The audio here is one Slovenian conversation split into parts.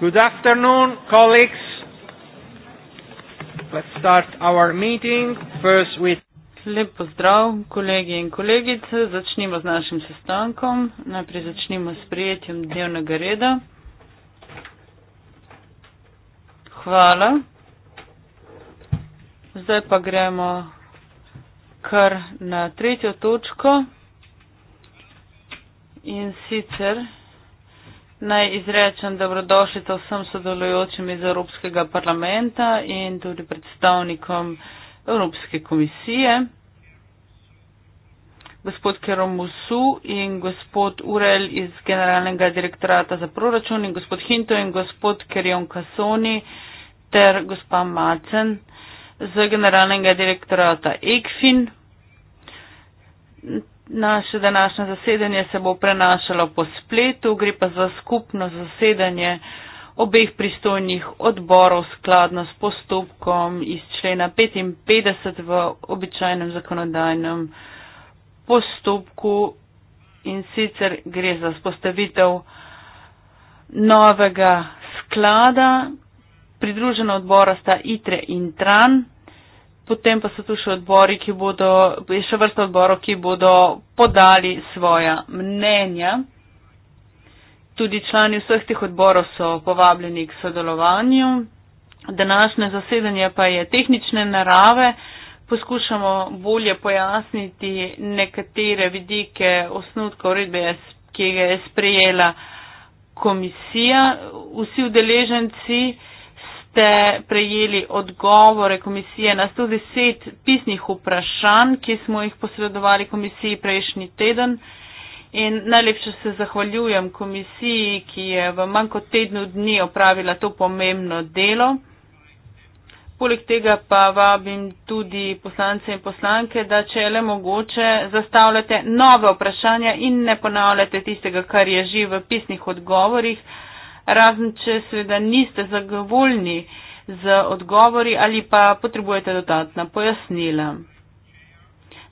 Good afternoon, colleagues. Let's start our meeting first with Lep pozdrav, kolegi in kolegice. Začnimo z našim sestankom. Najprej začnimo s prijetjem dnevnega reda. Hvala. Zdaj pa gremo kar na tretjo točko. In sicer Naj izrečem dobrodošljico vsem sodelujočim iz Evropskega parlamenta in tudi predstavnikom Evropske komisije, gospod Keromusu in gospod Urel iz Generalnega direktorata za proračun in gospod Hinto in gospod Kerion Kasoni ter gospa Macen z Generalnega direktorata ECFIN. Naše današnje zasedanje se bo prenašalo po spletu, gre pa za skupno zasedanje obeh pristojnih odborov skladno s postopkom iz člena 55 v običajnem zakonodajnem postopku in sicer gre za spostavitev novega sklada. Pridružena odbora sta ITRE in TRAN potem pa so tu še odbori, ki bodo, je še vrsta odborov, ki bodo podali svoja mnenja. Tudi člani vseh teh odborov so povabljeni k sodelovanju. Današnje zasedanje pa je tehnične narave. Poskušamo bolje pojasniti nekatere vidike osnutka uredbe, ki ga je sprejela komisija, vsi udeleženci ste prejeli odgovore komisije na 110 pisnih vprašanj, ki smo jih posredovali komisiji prejšnji teden. In najlepše se zahvaljujem komisiji, ki je v manj kot tednu dni opravila to pomembno delo. Poleg tega pa vabim tudi poslance in poslanke, da če je le mogoče, zastavljate nove vprašanja in ne ponavljate tistega, kar je že v pisnih odgovorih razen če seveda niste zagovoljni z odgovori ali pa potrebujete dodatna pojasnila.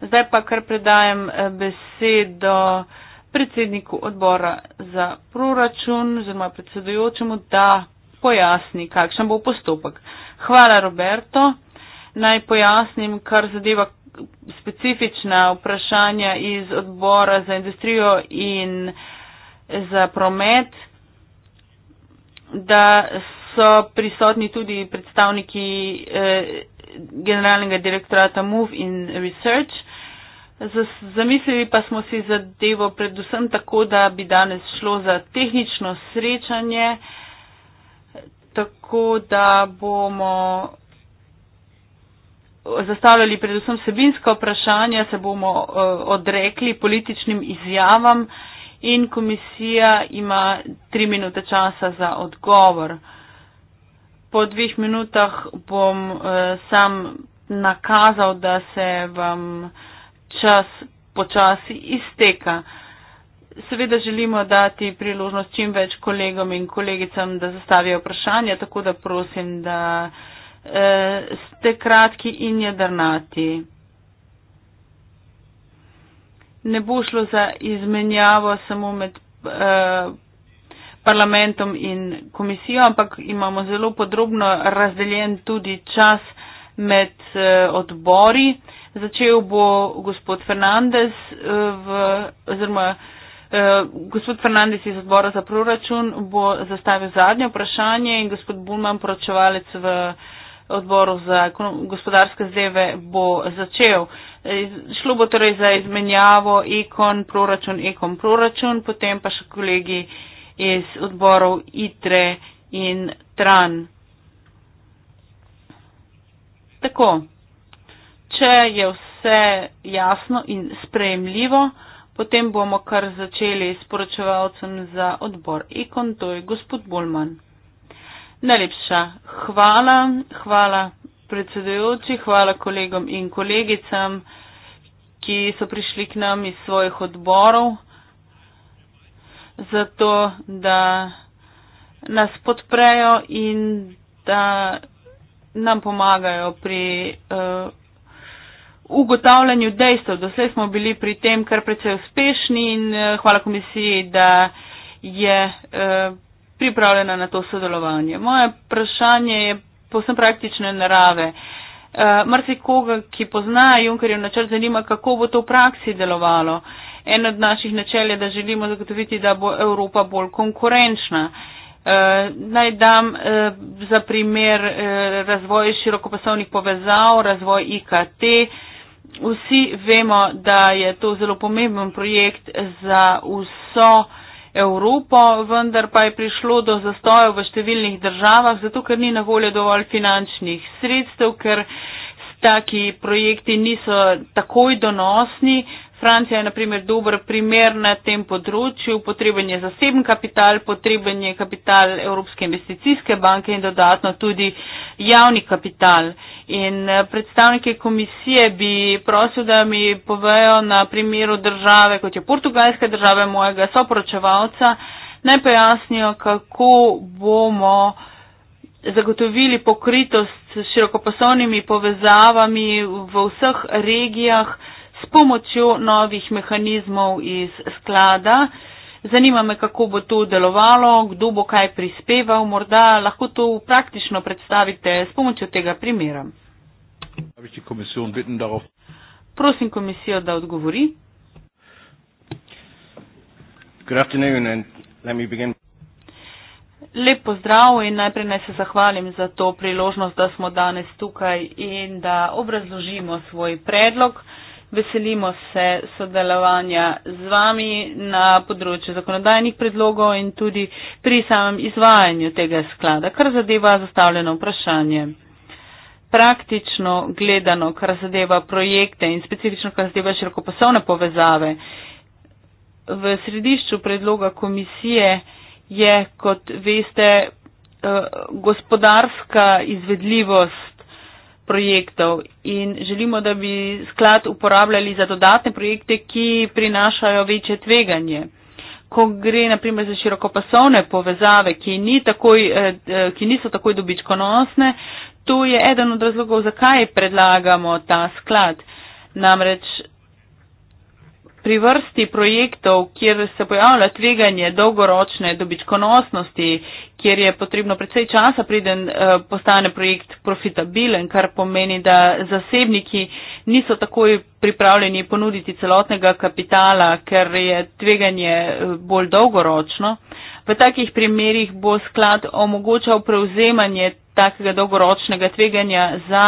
Zdaj pa kar predajem eh, besedo predsedniku odbora za proračun oziroma predsedujočemu, da pojasni, kakšen bo postopek. Hvala, Roberto. Naj pojasnim, kar zadeva specifična vprašanja iz odbora za industrijo in za promet da so prisotni tudi predstavniki eh, generalnega direktorata Move in Research. Zamislili pa smo si zadevo predvsem tako, da bi danes šlo za tehnično srečanje, tako da bomo zastavljali predvsem sebinska vprašanja, se bomo eh, odrekli političnim izjavam in komisija ima tri minute časa za odgovor. Po dveh minutah bom eh, sam nakazal, da se vam čas počasi izteka. Seveda želimo dati priložnost čim več kolegom in kolegicam, da zastavijo vprašanje, tako da prosim, da eh, ste kratki in jedrnati ne bo šlo za izmenjavo samo med eh, parlamentom in komisijo, ampak imamo zelo podrobno razdeljen tudi čas med eh, odbori. Začel bo gospod Fernandez, eh, v, oziroma eh, gospod Fernandez iz odbora za proračun bo zastavil zadnje vprašanje in gospod Bulman, poročevalec v odboru za gospodarske zdeve, bo začel. Eh, Šlo bo torej za izmenjavo ikon, proračun, ikon, proračun, potem pa še kolegi iz odborov ITRE in TRAN. Tako, če je vse jasno in sprejemljivo, potem bomo kar začeli s poročevalcem za odbor ikon, to je gospod Bolman. Najlepša hvala, hvala predsedujoči, hvala kolegom in kolegicam, ki so prišli k nam iz svojih odborov, zato da nas podprejo in da nam pomagajo pri uh, ugotavljanju dejstev. Doslej smo bili pri tem kar precej uspešni in uh, hvala komisiji, da je uh, pripravljena na to sodelovanje. Moje vprašanje je povsem praktične narave. Uh, eh, Mar se koga, ki pozna Junkerjev načrt, zanima, kako bo to v praksi delovalo. En od naših načel je, da želimo zagotoviti, da bo Evropa bolj konkurenčna. Uh, naj dam uh, za primer uh, razvoj širokopasovnih povezav, razvoj IKT. Vsi vemo, da je to zelo pomemben projekt za vso Evropo, vendar pa je prišlo do zastojev v številnih državah, zato ker ni na voljo dovolj finančnih sredstev, ker taki projekti niso takoj donosni. Francija je na primer dober primer na tem področju, potreben je zaseben kapital, potreben je kapital Evropske investicijske banke in dodatno tudi javni kapital. In eh, predstavnike komisije bi prosil, da mi povejo na primeru države, kot je portugalska država mojega soporočevalca, naj pojasnijo, kako bomo zagotovili pokritost s širokopasovnimi povezavami v vseh regijah s pomočjo novih mehanizmov iz sklada. Zanima me, kako bo to delovalo, kdo bo kaj prispeval, morda lahko to praktično predstavite s pomočjo tega primera. Prosim komisijo, da odgovori. Lep pozdrav in najprej naj se zahvalim za to priložnost, da smo danes tukaj in da obrazložimo svoj predlog. Uh, veselimo se sodelovanja z vami na področju zakonodajnih predlogov in tudi pri samem izvajanju tega sklada, kar zadeva zastavljeno vprašanje. Praktično gledano, kar zadeva projekte in specifično, kar zadeva širokopasovne povezave, v središču predloga komisije je, kot veste, eh, gospodarska izvedljivost projektov in želimo, da bi sklad uporabljali za dodatne projekte, ki prinašajo večje tveganje. Ko gre naprimer za širokopasovne povezave, ki, ni takoj, eh, eh, ki niso takoj dobičkonosne, to je eden od razlogov, zakaj predlagamo ta sklad. Namreč pri vrsti projektov, kjer se pojavlja tveganje dolgoročne dobičkonosnosti, kjer je potrebno predvsej časa, preden eh, postane projekt profitabilen, kar pomeni, da zasebniki niso takoj pripravljeni ponuditi celotnega kapitala, ker je tveganje eh, bolj dolgoročno. V takih primerjih bo sklad omogočal prevzemanje takega dolgoročnega tveganja za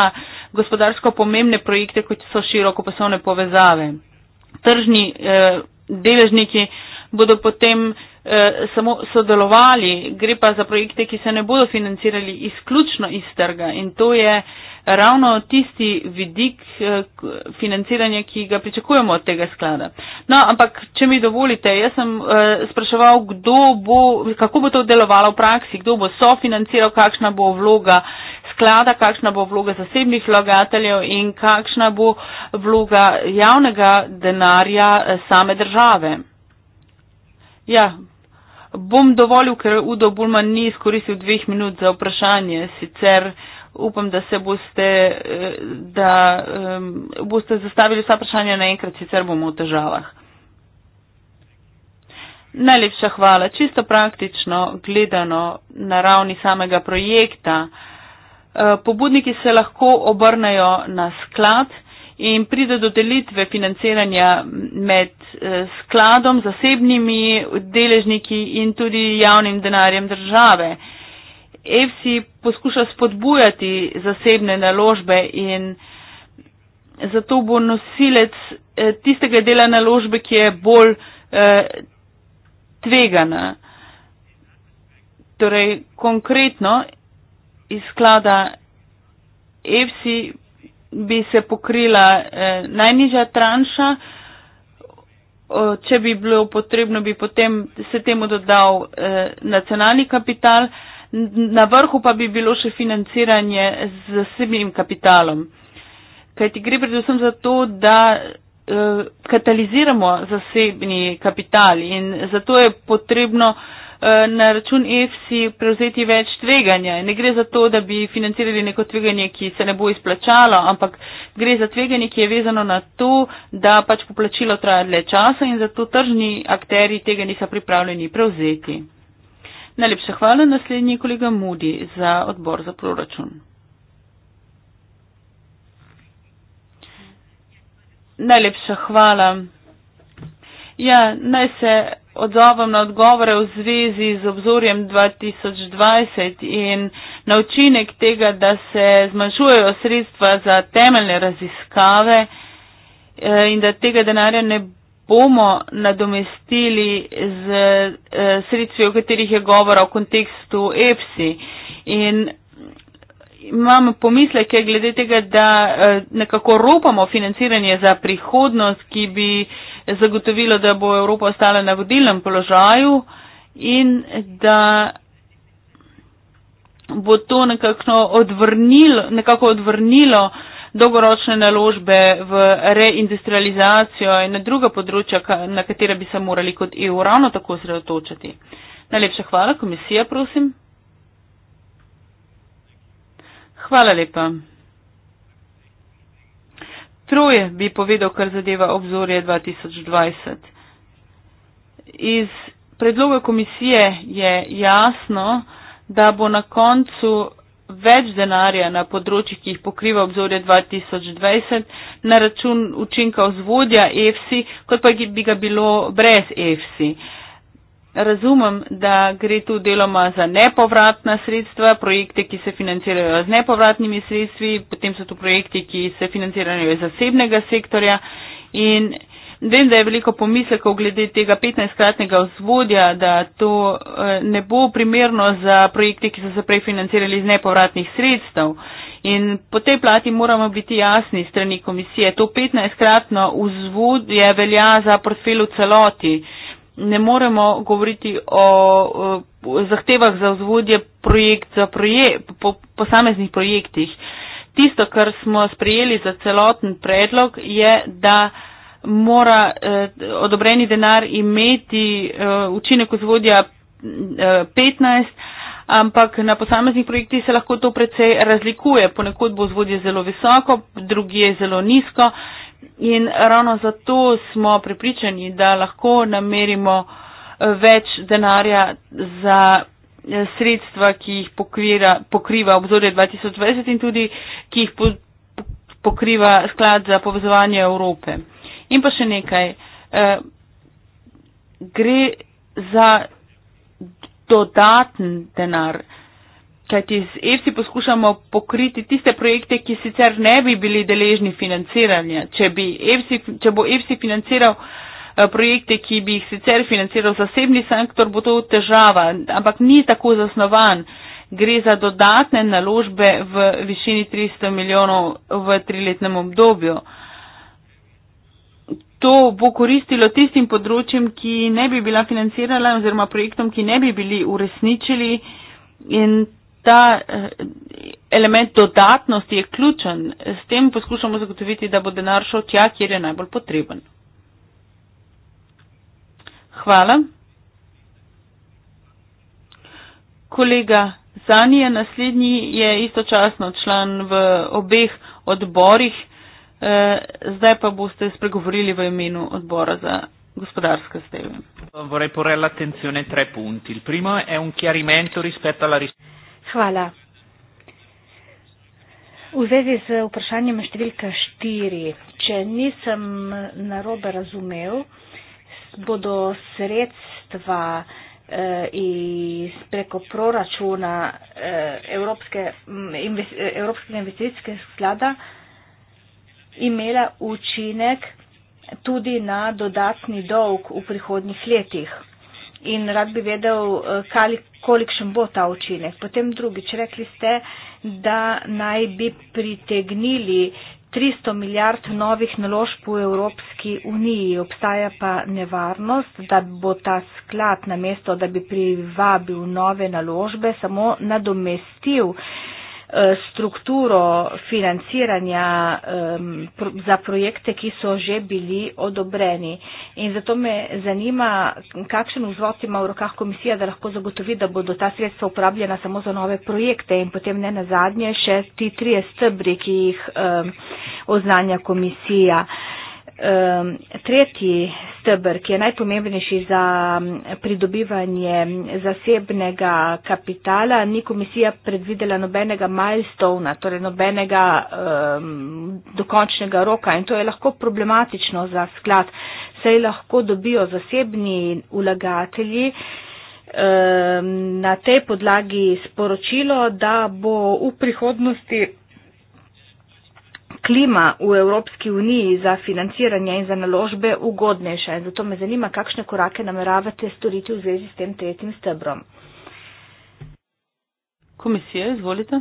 gospodarsko pomembne projekte, kot so široko poslovne povezave tržni eh, deležniki bodo potem eh, samo sodelovali, gre pa za projekte, ki se ne bodo financirali izključno iz trga in to je ravno tisti vidik eh, financiranja, ki ga pričakujemo od tega sklada. No, ampak, če mi dovolite, jaz sem eh, spraševal, kdo bo, kako bo to delovalo v praksi, kdo bo sofinanciral, kakšna bo vloga eh, sklada, kakšna bo vloga zasebnih vlagateljev in kakšna bo vloga javnega denarja eh, same države. Ja, bom dovolil, ker Udo Bulman ni izkoristil dveh minut za vprašanje, sicer upam, da se boste, eh, da, um, boste zastavili vsa vprašanja naenkrat, sicer bomo v težavah. Najlepša hvala. Čisto praktično gledano na ravni samega projekta. Eh, pobudniki se lahko obrnejo na sklad in pride do delitve financiranja med eh, skladom, zasebnimi deležniki in tudi javnim denarjem države. EFSI poskuša spodbujati zasebne naložbe in zato bo nosilec eh, tistega dela naložbe, ki je bolj tvegana. Torej, konkretno iz sklada EFSI bi se pokrila eh, najnižja tranša. Če bi bilo potrebno, bi potem se temu dodal eh, nacionalni kapital, na vrhu pa bi bilo še financiranje z zasebnim kapitalom. Kaj ti gre predvsem za to, da eh, kataliziramo zasebni kapital in zato je potrebno eh, Eh, na račun EFSI prevzeti več tveganja. Ne gre za to, da bi financirali neko tveganje, ki se ne bo izplačalo, ampak gre za tveganje, ki je vezano na to, da pač poplačilo traja dlje časa in zato tržni akteri tega niso pripravljeni prevzeti. Najlepša hvala naslednji kolega Mudi za odbor za proračun. Najlepša hvala. Ja, naj se odzovom na odgovore v zvezi z obzorjem 2020 in na učinek tega, da se zmanjšujejo sredstva za temeljne raziskave eh, in da tega denarja ne bomo nadomestili z eh, sredstvi, o katerih je govora v kontekstu EPSI. In imam pomisleke glede tega, da eh, nekako ropamo financiranje za prihodnost, ki bi zagotovilo, da bo Evropa ostala na vodilnem položaju in da bo to nekako odvrnilo, nekako odvrnilo dolgoročne naložbe v reindustrializacijo in na druga področja, na katera bi se morali kot EU ravno tako sredotočiti. Najlepša hvala, komisija, prosim. Hvala lepa troje bi povedal, kar zadeva obzorje 2020. Iz predloga komisije je jasno, da bo na koncu več denarja na področjih, ki jih pokriva obzorje 2020, na račun učinka vzvodja EFSI, kot pa bi ga bilo brez EFSI. Uh, Razumem, da gre tu deloma za nepovratna sredstva, projekte, ki se financirajo z nepovratnimi sredstvi, potem so tu projekti, ki se financirajo iz zasebnega sektorja in vem, da je veliko pomislekov glede tega 15-kratnega vzvodja, da to eh, ne bo primerno za projekte, ki so se prej financirali iz nepovratnih sredstev. In po tej plati moramo biti jasni strani komisije, to 15-kratno vzvodje velja za portfel v celoti ne moremo govoriti o, o zahtevah za vzvodje projekt za projekt, po posameznih projektih. Tisto, kar smo sprejeli za celoten predlog, je, da mora eh, odobreni denar imeti eh, učinek vzvodja eh, 15, ampak na posameznih projektih se lahko to precej razlikuje. Ponekod bo vzvodje zelo visoko, drugi je zelo nizko In ravno zato smo pripričani, da lahko namerimo eh, več denarja za eh, sredstva, ki jih pokvira, pokriva obzorje 2020 in tudi, ki jih pokriva sklad za povezovanje Evrope. In pa še nekaj. Eh, gre za dodaten denar kajti z EFSI poskušamo pokriti tiste projekte, ki sicer ne bi bili deležni financiranja. Če, bi EFSI, če bo EFSI financiral eh, projekte, ki bi jih sicer financiral zasebni sektor, bo to težava, ampak ni tako zasnovan. Gre za dodatne naložbe v višini 300 milijonov v triletnem obdobju. To bo koristilo tistim področjem, ki ne bi bila financirala oziroma projektom, ki ne bi bili uresničili in ta eh, element dodatnosti je ključen. S tem poskušamo zagotoviti, da bo denar šel tja, kjer je najbolj potreben. Hvala. Kolega Zanija, naslednji je istočasno član v obeh odborih. Eh, zdaj pa boste spregovorili v imenu odbora za gospodarske steve. Vorrei porre l'attenzione tre punti. Il primo è un chiarimento rispetto alla risposta. Hvala. V zvezi z vprašanjem številka štiri, če nisem narobe razumev, bodo sredstva eh, iz preko proračuna eh, Evropske, mm, eh, Evropskega investicijskega sklada imela učinek tudi na dodatni dolg v prihodnjih letih in rad bi vedel, eh, kolikšen bo ta učinek. Potem drugič, rekli ste, da naj bi pritegnili 300 milijard novih naložb v Evropski uniji. Obstaja pa nevarnost, da bo ta sklad na mesto, da bi privabil nove naložbe, samo nadomestil uh, Eh, strukturo financiranja um, pro, za projekte, ki so že bili odobreni. In zato me zanima, kakšen vzvod ima v rokah komisija, da lahko zagotovi, da bodo ta sredstva uporabljena samo za nove projekte in potem ne na zadnje še ti trije stebri, ki jih um, oznanja komisija. Uh, um, tretji stebr, ki je najpomembnejši za pridobivanje zasebnega kapitala, ni komisija predvidela nobenega milestona, torej nobenega um, dokončnega roka in to je lahko problematično za sklad. Sej lahko dobijo zasebni ulagatelji um, ehm, na tej podlagi sporočilo, da bo v prihodnosti klima v Evropski uniji za financiranje in za naložbe ugodnejša in zato me zanima, kakšne korake nameravate storiti v zvezi s tem tretjim stebrom. Komisija, izvolite.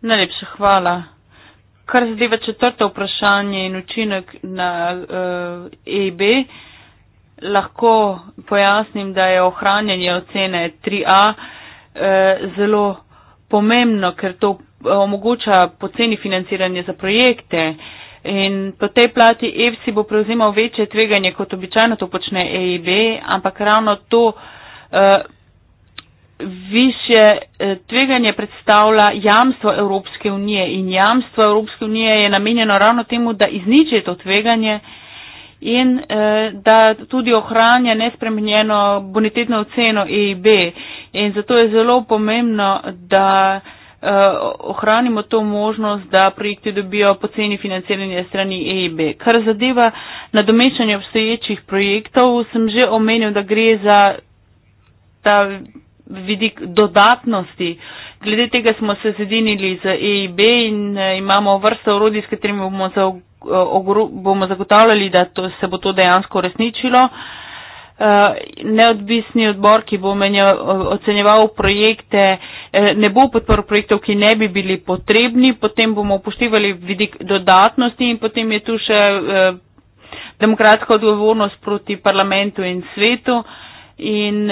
Najlepša hvala. Kar zadeva četrto vprašanje in učinek na uh, eh, EIB, lahko pojasnim, da je ohranjanje ocene 3A uh, eh, zelo pomembno, ker to omogoča poceni financiranje za projekte. In po tej plati EFSI bo prevzimal večje tveganje, kot običajno to počne EIB, ampak ravno to uh, eh, više eh, tveganje predstavlja jamstvo Evropske unije. In jamstvo Evropske unije je namenjeno ravno temu, da izniči to tveganje in uh, da tudi ohranja nespremenjeno bonitetno oceno EIB. In zato je zelo pomembno, da. Eh, ohranimo to možnost, da projekti dobijo poceni financiranje strani EIB. Kar zadeva nadomešanje obstoječih projektov, sem že omenil, da gre za ta vidik dodatnosti. Glede tega smo se zedinili z EIB in eh, imamo vrsto orodij, s katerimi bomo, za, eh, bomo zagotavljali, da to, se bo to dejansko resničilo. Uh, Eh, neodvisni odbor, ki bo menjal, ocenjeval projekte, eh, ne bo podporil projektov, ki ne bi bili potrebni, potem bomo upoštevali vidik dodatnosti in potem je tu še eh, demokratska odgovornost proti parlamentu in svetu. In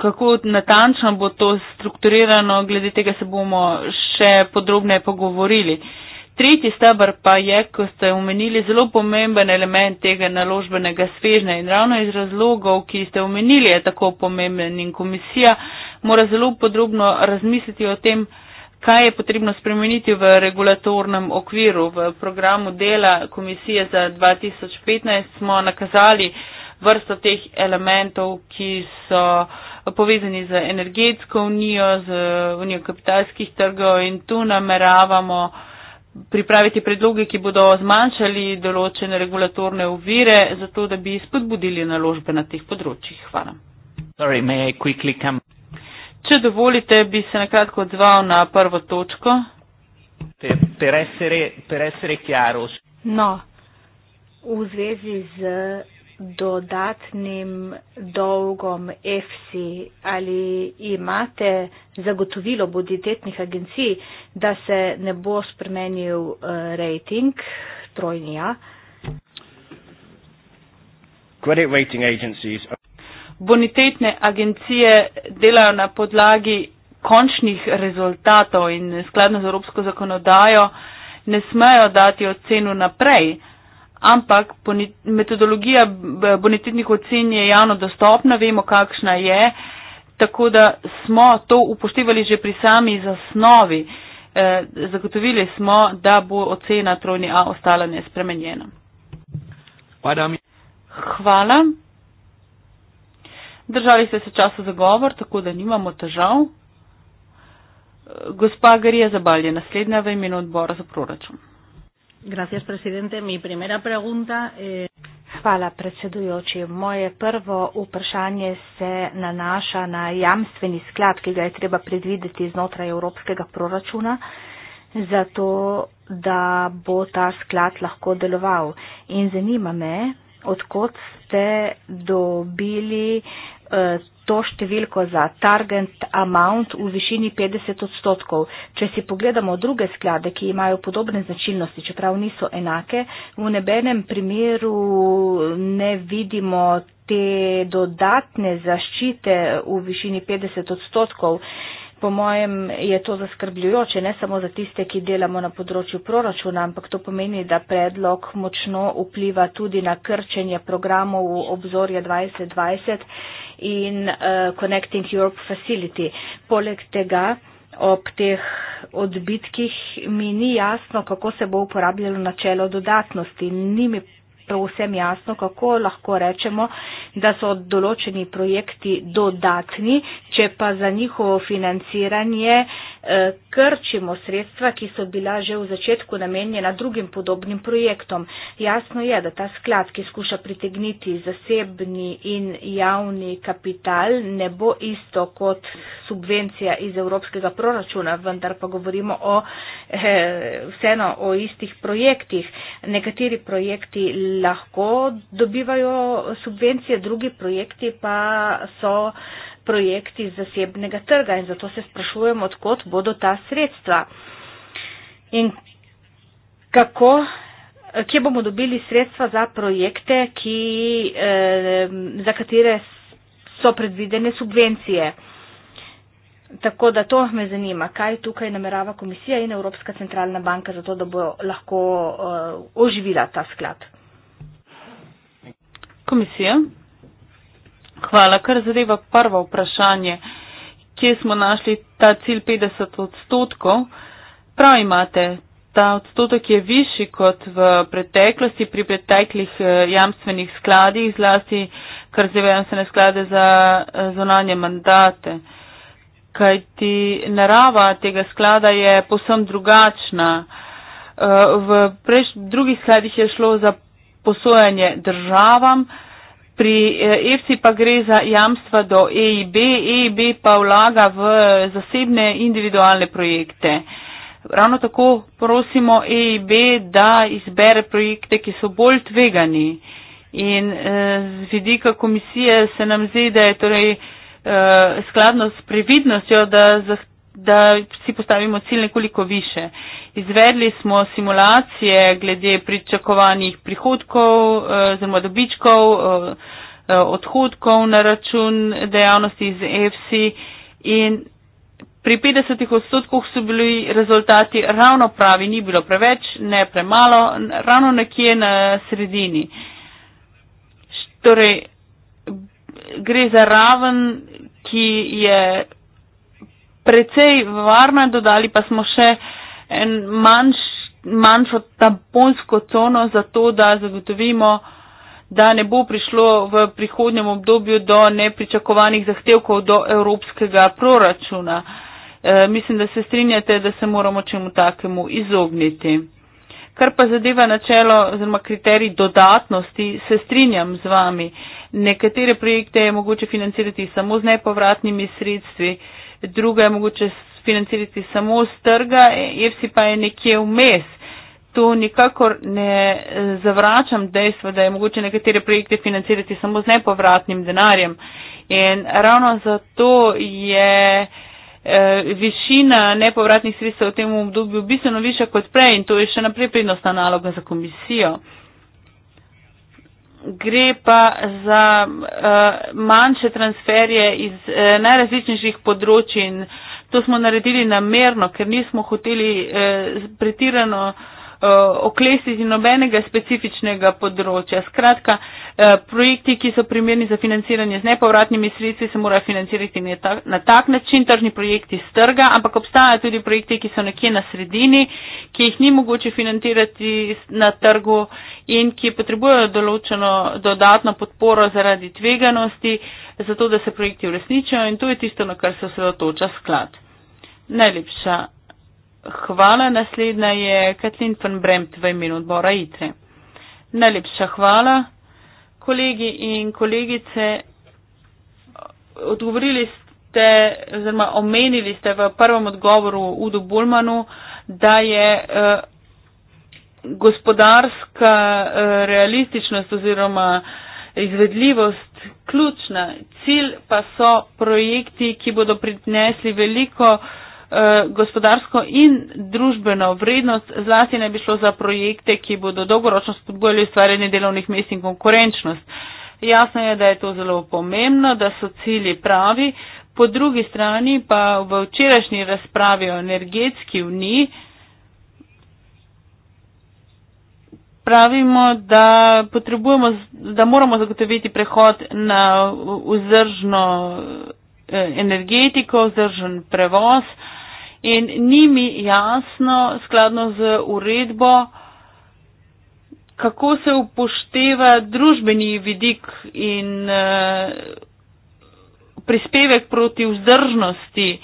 kako natančno bo to strukturirano, glede tega se bomo še podrobneje pogovorili. Uh, Tretji stebr pa je, ko ste omenili, zelo pomemben element tega naložbenega svežnja in ravno iz razlogov, ki ste omenili, je tako pomemben in komisija mora zelo podrobno razmisliti o tem, kaj je potrebno spremeniti v regulatornem okviru. V programu dela komisije za 2015 smo nakazali vrsto teh elementov, ki so povezani z energetsko unijo, z unijo kapitalskih trgov in tu nameravamo pripraviti predloge, ki bodo zmanjšali določene regulatorne uvire, zato da bi spodbudili naložbe na teh področjih. Hvala. Sorry, Če dovolite, bi se nakratko odzval na prvo točko. Per essere, per essere chiaro. No, v zvezi z dodatnim dolgom EFSI ali imate zagotovilo boditetnih agencij, da se ne bo spremenil eh, rejting trojnija? Bonitetne agencije delajo na podlagi končnih rezultatov in skladno z evropsko zakonodajo ne smejo dati oceno naprej ampak metodologija bonitetnih ocen je javno dostopna, vemo, kakšna je, tako da smo to upoštevali že pri sami zasnovi. E, zagotovili smo, da bo ocena trojni A ostala nespremenjena. Hvala. Držali ste se časa za govor, tako da nimamo težav. E, gospa Garija Zabal je naslednja v imenu odbora za proračun. Gracias, presidente. Mi primera pregunta. Eh... Hvala, predsedujoči. Moje prvo vprašanje se nanaša na jamstveni sklad, ki ga je treba predvideti znotraj evropskega proračuna, zato da bo ta sklad lahko deloval. In zanima me, odkot ste dobili Eh, to številko za target amount v višini 50 odstotkov. Če si pogledamo druge sklade, ki imajo podobne značilnosti, čeprav niso enake, v nebenem primeru ne vidimo te dodatne zaščite v višini 50 odstotkov. Po mojem je to zaskrbljujoče, ne samo za tiste, ki delamo na področju proračuna, ampak to pomeni, da predlog močno vpliva tudi na krčenje programov obzorja 2020 in uh, Connecting Europe Facility. Poleg tega, ob teh odbitkih mi ni jasno, kako se bo uporabljalo načelo dodatnosti. Ni mi povsem jasno, kako lahko rečemo, da so določeni projekti dodatni, če pa za njihovo financiranje eh, krčimo sredstva, ki so bila že v začetku namenjena drugim podobnim projektom. Jasno je, da ta sklad, ki skuša pritegniti zasebni in javni kapital, ne bo isto kot subvencija iz evropskega proračuna, vendar pa govorimo o, eh, vseeno o istih projektih. Nekateri projekti lahko dobivajo subvencije, drugi projekti pa so projekti zasebnega trga in zato se sprašujemo, odkot bodo ta sredstva in kako, kje bomo dobili sredstva za projekte, ki, eh, za katere so predvidene subvencije. Tako da to me zanima, kaj tukaj namerava komisija in Evropska centralna banka za to, da bo lahko uh, oživila ta sklad komisije. Hvala, kar zadeva prvo vprašanje, kje smo našli ta cilj 50 odstotkov. Prav imate, ta odstotek je višji kot v preteklosti pri preteklih eh, jamstvenih skladih, zlasti kar zadeva jamstvene sklade za eh, zonanje mandate. Kajti narava tega sklada je posem drugačna. Eh, v preš, drugih skladih je šlo za posojanje državam. Pri eh, EFSI pa gre za jamstva do EIB, EIB pa vlaga v zasebne individualne projekte. Ravno tako prosimo EIB, da izbere projekte, ki so bolj tvegani. In eh, z vidika komisije se nam zdi, da je torej eh, skladno s previdnostjo, da, da si postavimo cilj nekoliko više. Izvedli smo simulacije glede pričakovanih prihodkov, eh, zelo dobičkov, eh, eh, odhodkov na račun dejavnosti iz EFSI in pri 50 odstotkih so bili rezultati ravno pravi, ni bilo preveč, ne premalo, ravno nekje na sredini. Torej, gre za raven, ki je precej varna, dodali pa smo še en manjš, manjšo tamponsko cono za to, da zagotovimo, da ne bo prišlo v prihodnjem obdobju do nepričakovanih zahtevkov do evropskega proračuna. E, mislim, da se strinjate, da se moramo čemu takemu izogniti. Kar pa zadeva načelo oziroma kriterij dodatnosti, se strinjam z vami. Nekatere projekte je mogoče financirati samo z nepovratnimi sredstvi, druge je mogoče financirati samo z trga, EFSI pa je nekje vmes. Tu nikakor ne eh, zavračam dejstva, da je mogoče nekatere projekte financirati samo z nepovratnim denarjem. In ravno zato je eh, višina nepovratnih sredstev v tem obdobju bistveno višja kot prej in to je še naprej prednostna naloga za komisijo. Gre pa za uh, manjše transferje iz uh, najrazličnejših področji in uh, To smo naredili namerno, ker nismo hoteli eh, pretirano eh, oklesiti nobenega specifičnega področja. Skratka, eh, Eh, projekti, ki so primerni za financiranje z nepovratnimi sredstvi, se morajo financirati na tak, na tak način, tržni projekti z trga, ampak obstajajo tudi projekti, ki so nekje na sredini, ki jih ni mogoče financirati na trgu in ki potrebujejo določeno dodatno podporo zaradi tveganosti, zato da se projekti uresničijo in to je tisto, na kar se osredotoča sklad. Najlepša hvala, naslednja je Katlin van Bremt v imenu odbora ITRE. Najlepša hvala kolegi in kolegice, odgovorili ste, oziroma omenili ste v prvem odgovoru Udu Bulmanu, da je eh, gospodarska eh, realističnost oziroma izvedljivost ključna. Cilj pa so projekti, ki bodo pridnesli veliko Eh, gospodarsko in družbeno vrednost, zlasti ne bi šlo za projekte, ki bodo dolgoročno spodbojali ustvarjanje delovnih mest in konkurenčnost. Jasno je, da je to zelo pomembno, da so cilji pravi, po drugi strani pa v včerajšnji razpravi o energetski uniji pravimo, da, da moramo zagotoviti prehod na vzdržno eh, energetiko, vzdržen prevoz, in ni mi jasno, skladno z uredbo, kako se upošteva družbeni vidik in uh, prispevek proti vzdržnosti.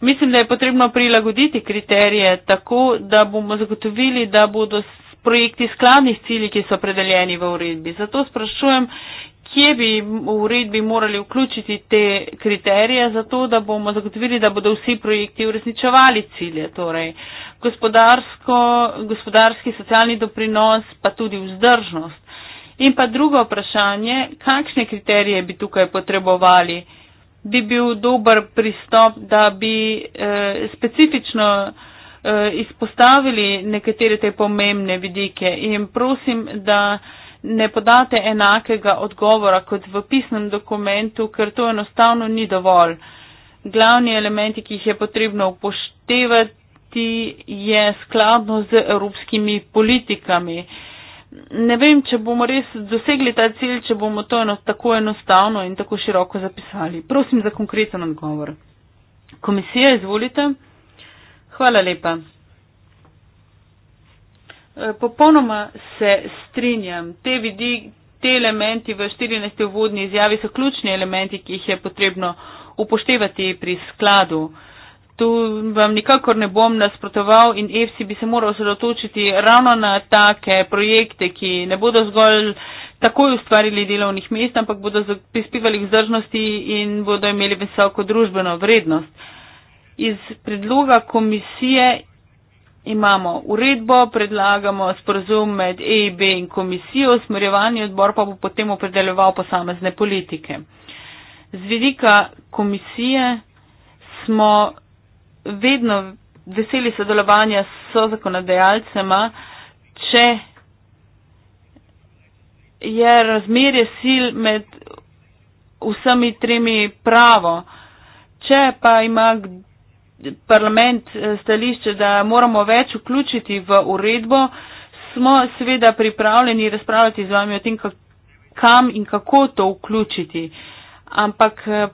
Mislim, da je potrebno prilagoditi kriterije tako, da bomo zagotovili, da bodo projekti skladnih cilji, ki so predeljeni v uredbi. Zato sprašujem, kje bi v uredbi morali vključiti te kriterije, zato da bomo zagotovili, da bodo vsi projekti uresničevali cilje, torej gospodarski, socialni doprinos, pa tudi vzdržnost. In pa drugo vprašanje, kakšne kriterije bi tukaj potrebovali? Bi bil dober pristop, da bi eh, specifično eh, izpostavili nekatere te pomembne vidike in prosim, da ne podate enakega odgovora kot v pisnem dokumentu, ker to enostavno ni dovolj. Glavni elementi, ki jih je potrebno upoštevati, je skladno z evropskimi politikami. Ne vem, če bomo res dosegli ta cilj, če bomo to eno, tako enostavno in tako široko zapisali. Prosim za konkreten odgovor. Komisija, izvolite. Hvala lepa. Eh, popolnoma se strinjam. Te vidi, te elementi v 14. uvodni izjavi so ključni elementi, ki jih je potrebno upoštevati pri skladu. Tu vam nikakor ne bom nasprotoval in EFSI bi se moral osredotočiti ravno na take projekte, ki ne bodo zgolj takoj ustvarili delovnih mest, ampak bodo prispevali k vzdržnosti in bodo imeli visoko družbeno vrednost. Iz predloga komisije imamo uredbo, predlagamo sporozum med EIB in komisijo, smerjevanje odbor pa bo potem opredeljeval posamezne politike. Z vidika komisije smo vedno veseli sodelovanja s zakonodajalcema, če je razmerje sil med vsemi tremi pravo. Če pa ima parlament eh, stališče, da moramo več vključiti v uredbo, smo seveda pripravljeni razpravljati z vami o tem, kam in kako to vključiti. Ampak eh,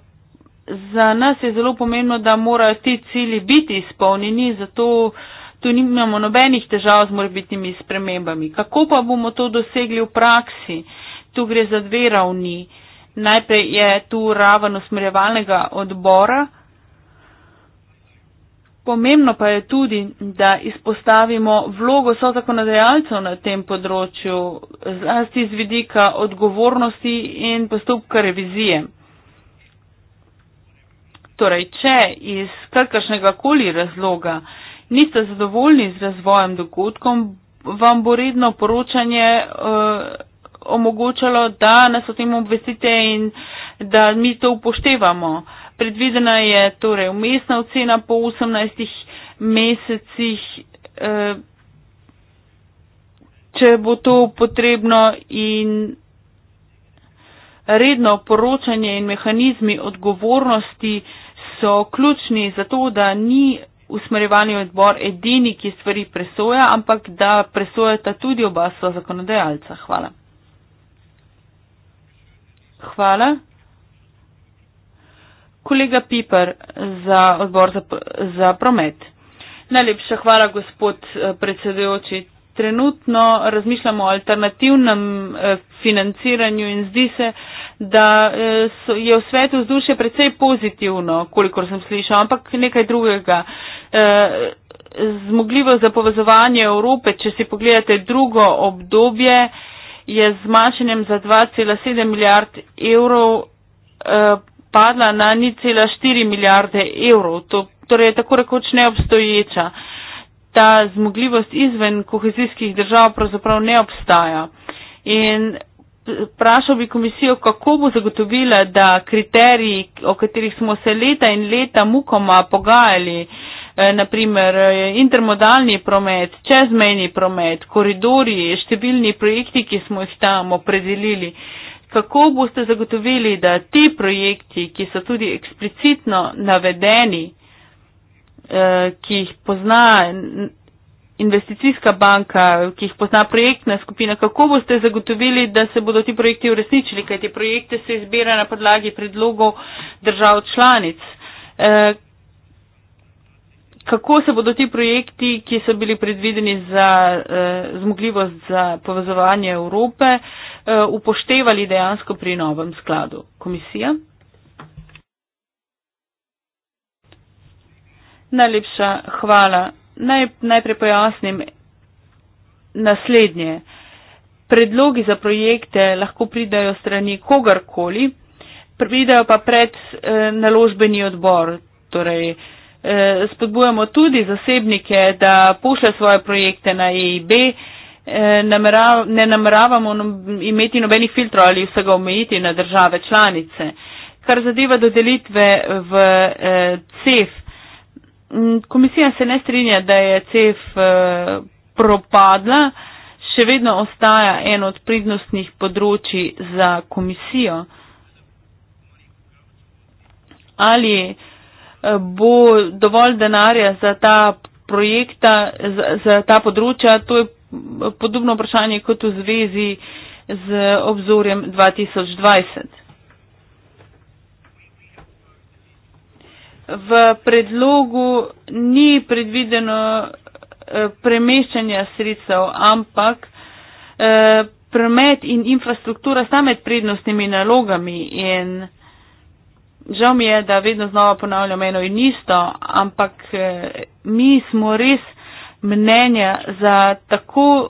za nas je zelo pomembno, da morajo ti cili biti izpolnjeni, zato tu nimamo nobenih težav z morbitnimi spremembami. Kako pa bomo to dosegli v praksi? Tu gre za dve ravni. Najprej je tu raven usmerjevalnega odbora, Pomembno pa je tudi, da izpostavimo vlogo so zakonodajalcev na tem področju, zlasti z vidika odgovornosti in postopka revizije. Torej, če iz kakršnega koli razloga niste zadovoljni z razvojem dogodkom, vam bo redno poročanje eh, omogočalo, da nas o tem obvestite in da mi to upoštevamo. Eh, Predvidena je torej umestna ocena po 18 mesecih, eh, če bo to potrebno in redno poročanje in mehanizmi odgovornosti so ključni za to, da ni usmerjevanje odbor edini, ki stvari presoja, ampak da presojata tudi oba so zakonodajalca. Hvala. Hvala kolega Piper za odbor za, za promet. Najlepša hvala, gospod eh, predsedujoči. Trenutno razmišljamo o alternativnem eh, financiranju in zdi se, da eh, je v svetu vzdušje precej pozitivno, kolikor sem slišal, ampak nekaj drugega. Zmogljivo za povezovanje Evrope, če si pogledate drugo obdobje, je zmanjšenjem za 2,7 milijard evrov padla na 0,4 milijarde evrov, to, torej je tako rekoč neobstoječa. Ta zmogljivost izven kohezijskih držav pravzaprav ne obstaja. In Prašal bi komisijo, kako bo zagotovila, da kriteriji, o katerih smo se leta in leta mukoma pogajali, eh, naprimer eh, intermodalni promet, čezmejni promet, koridori, številni projekti, ki smo jih tam opredelili, kako boste zagotovili, da ti projekti, ki so tudi eksplicitno navedeni, eh, ki jih pozna investicijska banka, ki jih pozna projektna skupina, kako boste zagotovili, da se bodo ti projekti uresničili, kaj te projekte se izbira na podlagi predlogov držav članic. Eh, kako se bodo ti projekti, ki so bili predvideni za eh, zmogljivost za povezovanje Evrope, eh, upoštevali dejansko pri novem skladu? Komisija? Najlepša hvala. Naj, najprej pojasnim naslednje. Predlogi za projekte lahko pridajo strani kogarkoli, pridajo pa pred eh, naložbeni odbor, torej eh, Eh, spodbujamo tudi zasebnike, da pošle svoje projekte na EIB. Eh, ne nameravamo imeti nobenih filtrov ali vsega omejiti na države članice. Kar zadeva dodelitve v eh, CEF, komisija se ne strinja, da je CEF propadla, še vedno ostaja eno od pridnostnih področji za komisijo. Ali bo dovolj denarja za ta projekta, za, za ta področja. To je podobno vprašanje kot v zvezi z obzorjem 2020. V predlogu ni predvideno eh, premeščanja sredstev, ampak eh, promet in infrastruktura sta med prednostnimi nalogami in eh, žal mi je, da vedno znova ponavljam eno in isto, ampak eh, mi smo res mnenja za tako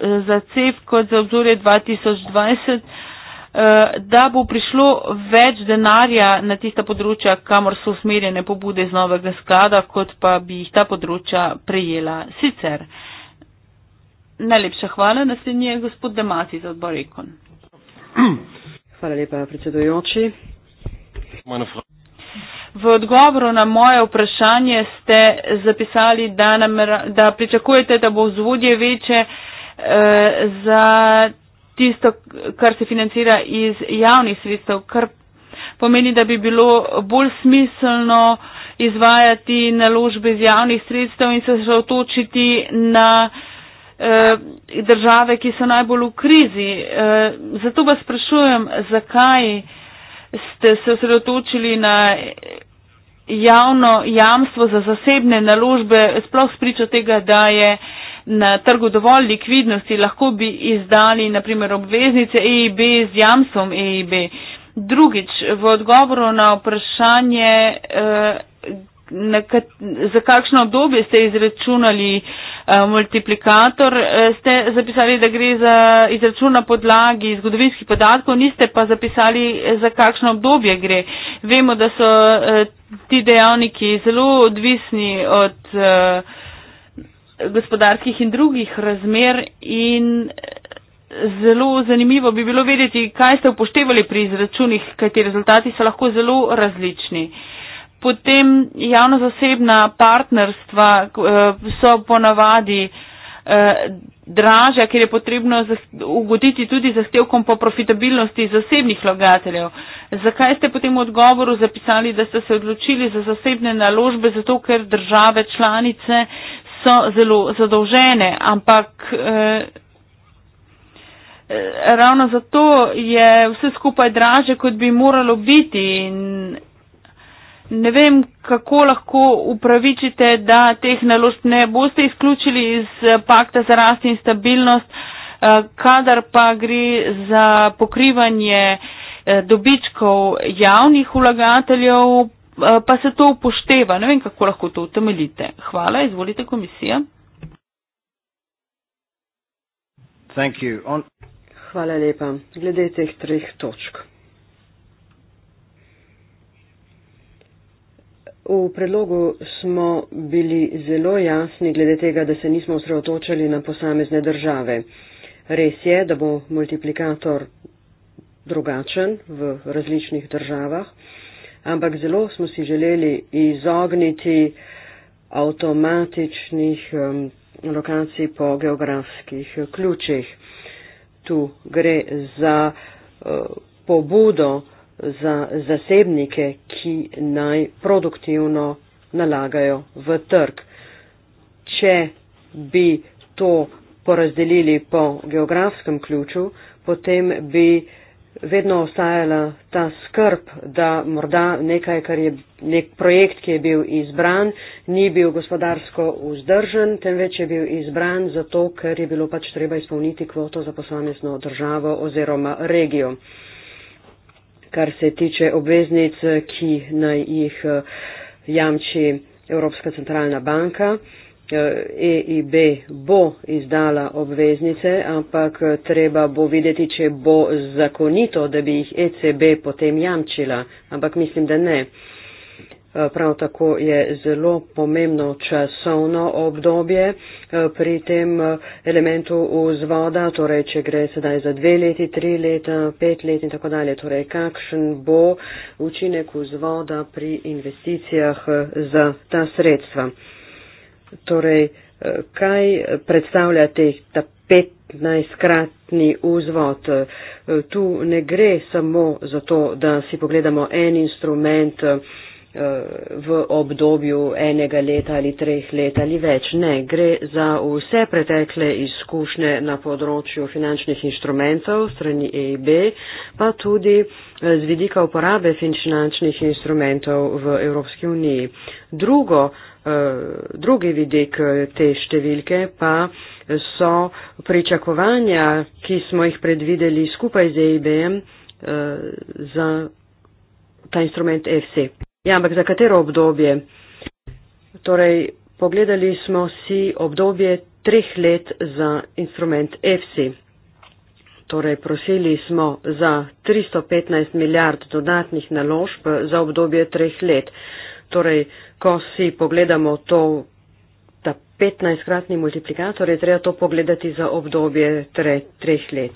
eh, za CEF kot za obzorje 2020, eh, da bo prišlo več denarja na tista področja, kamor so usmerjene pobude z novega sklada, kot pa bi jih ta področja prejela sicer. Najlepša hvala, naslednji je gospod Demasi za odbor Ekon. Hvala lepa, predsedujoči. V odgovoru na moje vprašanje ste zapisali, da, namera, da pričakujete, da bo vzvodje večje eh, za tisto, kar se financira iz javnih sredstev, kar pomeni, da bi bilo bolj smiselno izvajati naložbe iz javnih sredstev in se zotočiti na eh, države, ki so najbolj v krizi. Eh, zato vas sprašujem, zakaj ste se osredotočili na javno jamstvo za zasebne naložbe, sploh spričo tega, da je na trgu dovolj likvidnosti, lahko bi izdali naprimer obveznice EIB z jamstvom EIB. Drugič, v odgovoru na vprašanje, eh, nekat, za kakšno obdobje ste izračunali a, eh, multiplikator. Eh, ste zapisali, da gre za izračun na podlagi zgodovinskih podatkov, niste pa zapisali, eh, za kakšno obdobje gre. Vemo, da so a, ti dejavniki zelo odvisni od a, gospodarskih in drugih razmer in Zelo zanimivo bi bilo vedeti, kaj ste upoštevali pri izračunih, kajti rezultati so lahko zelo različni. Uh, potem javno-zasebna partnerstva eh, so ponavadi eh, dražja, ker je potrebno ugoditi tudi zahtevkom po profitabilnosti zasebnih vlagateljev. Zakaj ste potem v odgovoru zapisali, da ste se odločili za zasebne naložbe, zato ker države članice so zelo zadolžene, ampak eh, eh ravno zato je vse skupaj draže, kot bi moralo biti. In, ne vem, kako lahko upravičite, da teh nalost ne boste izključili iz eh, pakta za rast in stabilnost, eh, kadar pa gre za pokrivanje eh, dobičkov javnih vlagateljev, pa se to upošteva. Ne vem, kako lahko to utemeljite. Hvala, izvolite komisija. Hvala lepa. Glede teh treh točk. V predlogu smo bili zelo jasni glede tega, da se nismo osredotočili na posamezne države. Res je, da bo multiplikator drugačen v različnih državah, ampak zelo smo si želeli izogniti avtomatičnih um, lokacij po geografskih ključih. Tu gre za uh, pobudo, za zasebnike, ki naj produktivno nalagajo v trg. Če bi to porazdelili po geografskem ključu, potem bi vedno ostajala ta skrb, da morda nekaj, kar je nek projekt, ki je bil izbran, ni bil gospodarsko vzdržen, temveč je bil izbran zato, ker je bilo pač treba izpolniti kvoto za posamezno državo oziroma regijo kar se tiče obveznic, ki naj jih eh, jamči Evropska centralna banka. EIB eh, e bo izdala obveznice, ampak eh, treba bo videti, če bo zakonito, da bi jih ECB potem jamčila. Ampak mislim, da ne. Eh, prav tako je zelo pomembno časovno obdobje eh, pri tem eh, elementu vzvoda, torej če gre sedaj za dve leti, tri leta, pet let in tako dalje, torej kakšen bo učinek vzvoda pri investicijah za ta sredstva. Torej, kaj predstavlja teh ta 15-krat? Vzvod. Tu ne gre samo za to, da si pogledamo en instrument, Eh, v obdobju enega leta ali treh let ali več. Ne, gre za vse pretekle izkušnje na področju finančnih inštrumentov strani EIB, pa tudi eh, z vidika uporabe finančnih inštrumentov v Evropski uniji. Drugo, eh, drugi vidik te številke pa so pričakovanja, ki smo jih predvideli skupaj z EIB za ta instrument EFSI. Ja, ampak za katero obdobje? Torej, pogledali smo si obdobje treh let za instrument EFSI. Torej, prosili smo za 315 milijard dodatnih naložb za obdobje treh let. Torej, ko si pogledamo to, ta 15-kratni multiplikator, je treba to pogledati za obdobje tre, treh let.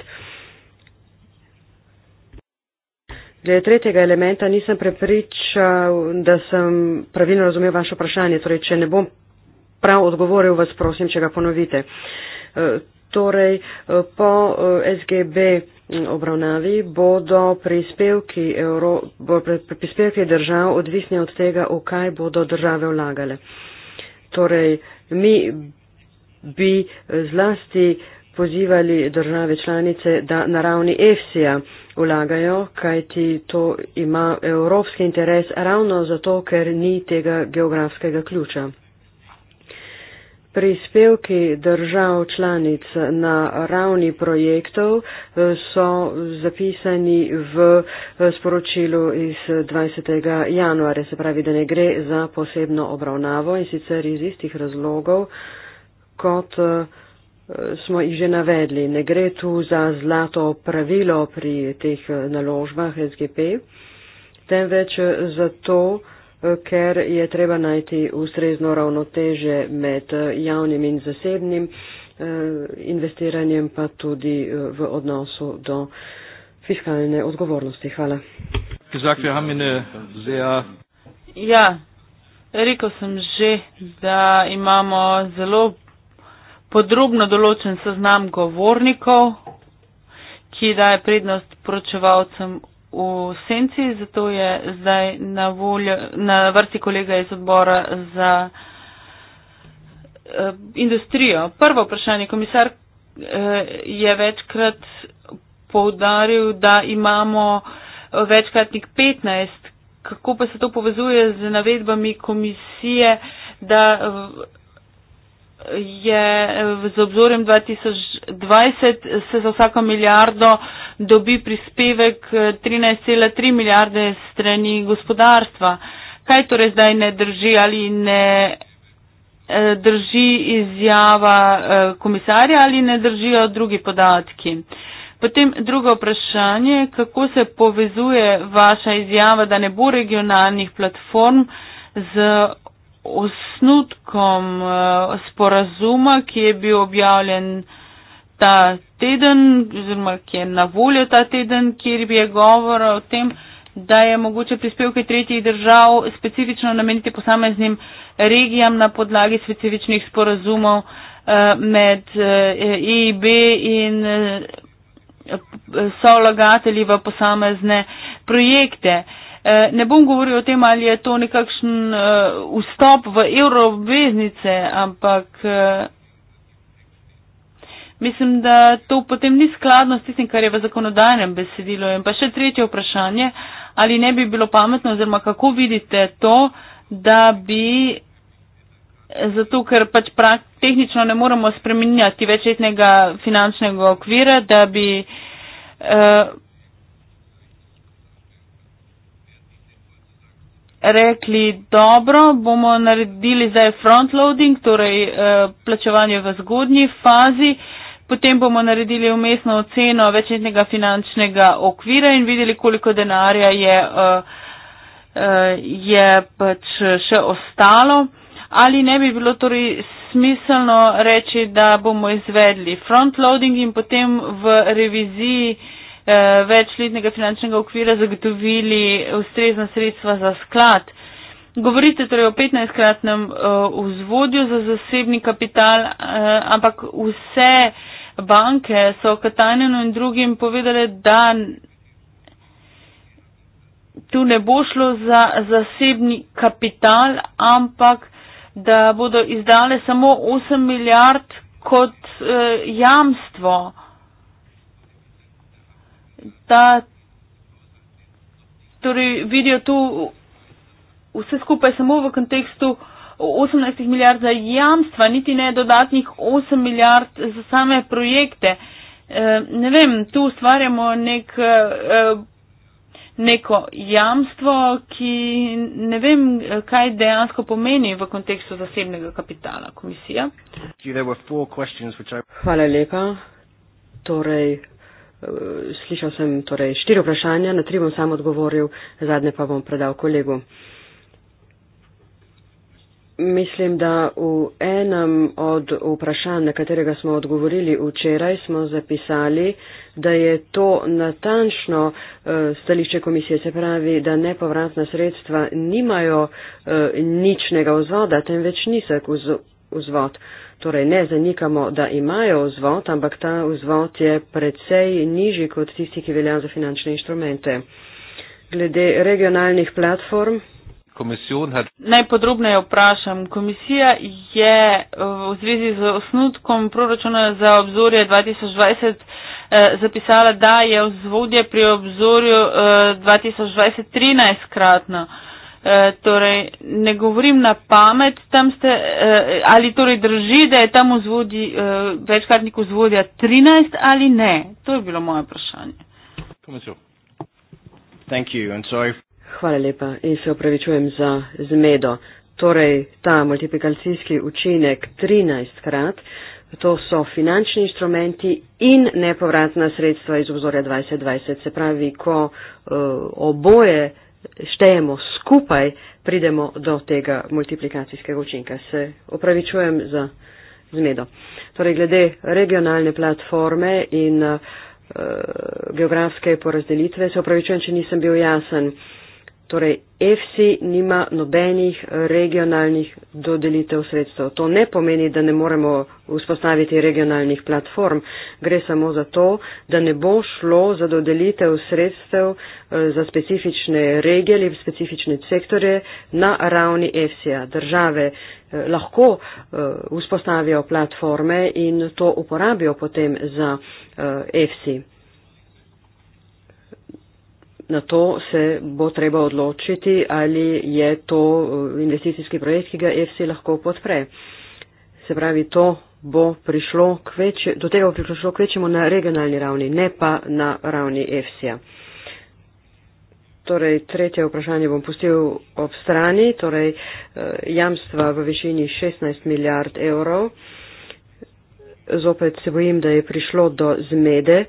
Glede tretjega elementa nisem prepričal, da sem pravilno razumel vaše vprašanje. Torej, če ne bom prav odgovoril, vas prosim, če ga ponovite. E, torej, e, po e, SGB obravnavi bodo prispevki, Euro, bo prispevki držav odvisni od tega, v kaj bodo države vlagale. Torej, mi bi zlasti uh, pozivali države članice, da na ravni EFSI-ja ulagajo, kajti to ima evropski interes ravno zato, ker ni tega geografskega ključa. Prispevki držav članic na ravni projektov eh, so zapisani v eh, sporočilu iz 20. januarja, se pravi, da ne gre za posebno obravnavo in sicer iz istih razlogov kot uh, smo jih že navedli. Ne gre tu za zlato pravilo pri teh naložbah SGP, temveč zato, ker je treba najti ustrezno ravnoteže med javnim in zasebnim eh, investiranjem, pa tudi eh, v odnosu do fiskalne odgovornosti. Hvala. Ja, rekel sem že, da imamo zelo podrobno določen seznam govornikov, ki daje prednost poročevalcem v senci, zato je zdaj na, voljo, na vrsti kolega iz odbora za eh, industrijo. Prvo vprašanje, komisar eh, je večkrat povdaril, da imamo eh, večkratnik 15. Kako pa se to povezuje z navedbami komisije, da je eh, z obzorjem 2020 se za vsako milijardo dobi prispevek 13,3 eh, milijarde strani gospodarstva. Kaj torej zdaj ne drži ali ne eh, drži izjava komisarja ali ne držijo drugi podatki? Potem drugo vprašanje, kako se povezuje vaša izjava, da ne bo regionalnih platform z osnutkom eh, sporazuma, ki je bil objavljen ta teden, oziroma ki je na voljo ta teden, kjer bi je govor o tem, da je mogoče prispevke tretjih držav specifično nameniti posameznim regijam na podlagi specifičnih sporazumov eh, med EIB eh, e in so vlagatelji v posamezne projekte. Uh, Eh, ne bom govoril o tem, ali je to nekakšen uh, vstop v euroveznice, ampak uh, mislim, da to potem ni skladno s tistim, kar je v zakonodajnem besedilu. In pa še tretje vprašanje, ali ne bi bilo pametno oziroma kako vidite to, da bi. Zato, ker pač prak, tehnično ne moremo spreminjati večletnega finančnega okvira, da bi. Uh, rekli, dobro, bomo naredili zdaj frontloading, torej eh, plačevanje v zgodnji fazi, potem bomo naredili umestno oceno večletnega finančnega okvira in videli, koliko denarja je, eh, eh, je pač še ostalo. Ali ne bi bilo torej smiselno reči, da bomo izvedli frontloading in potem v reviziji Eh, večletnega finančnega okvira zagotovili ustrezna sredstva za sklad. Govorite torej o 15-kratnem eh, vzvodju za zasebni kapital, eh, ampak vse banke so Katajnenu in drugim povedali, da tu ne bo šlo za zasebni kapital, ampak da bodo izdale samo 8 milijard kot jamstvo da torej vidijo tu vse skupaj samo v kontekstu 18 milijard za jamstva, niti ne dodatnih 8 milijard za same projekte. Eh, ne vem, tu ustvarjamo nek, eh, neko jamstvo, ki ne vem, kaj dejansko pomeni v kontekstu zasebnega kapitala komisija. Hvala lepa. Torej, Eh, slišal sem torej štiri vprašanja, na tri bom sam odgovoril, zadnje pa bom predal kolegu. Mislim, da v enem od vprašanj, na katerega smo odgovorili včeraj, smo zapisali, da je to natančno eh, stališče komisije, se pravi, da nepovratna sredstva nimajo eh, ničnega vzvoda, temveč nizek vzvod. Uz, torej ne zanikamo, da imajo vzvod, ampak ta vzvod je precej nižji kot tisti, ki velja za finančne inštrumente. Glede regionalnih platform. Najpodrobneje vprašam. Komisija je eh, v zvezi z osnutkom proračuna za obzorje 2020 eh, zapisala, da je vzvodje pri obzorju eh, 2020 13 kratno. Eh, torej ne govorim na pamet, tam ste, eh, ali torej drži, da je tam vzvodi, eh, večkratnik vzvodja 13 ali ne? To je bilo moje vprašanje. Thank you and sorry. Hvala lepa in se opravičujem za zmedo. Torej, ta multiplikacijski učinek 13 krat, to so finančni instrumenti in nepovratna sredstva iz obzorja 2020. Se pravi, ko uh, oboje uh, štejemo skupaj, pridemo do tega multiplikacijskega učinka. Se opravičujem za zmedo. Torej, glede regionalne platforme in uh, geografske porazdelitve, se opravičujem, če nisem bil jasen. Uh, Torej, EFSI nima nobenih eh, regionalnih dodelitev sredstev. To ne pomeni, da ne moremo vzpostaviti regionalnih platform. Gre samo za to, da ne bo šlo za dodelitev sredstev eh, za specifične regije ali specifične sektore na ravni EFSI-ja. Države eh, lahko vzpostavijo platforme in to uporabijo potem za EFSI na to se bo treba odločiti, ali je to eh, investicijski projekt, ki ga EFSI lahko podpre. Se pravi, to bo prišlo k večjemu, do tega bo prišlo k večjemu na regionalni ravni, ne pa na ravni EFSI-ja. Torej, tretje vprašanje bom pustil ob strani, torej eh, jamstva v višini 16 milijard evrov. Zopet se bojim, da je prišlo do zmede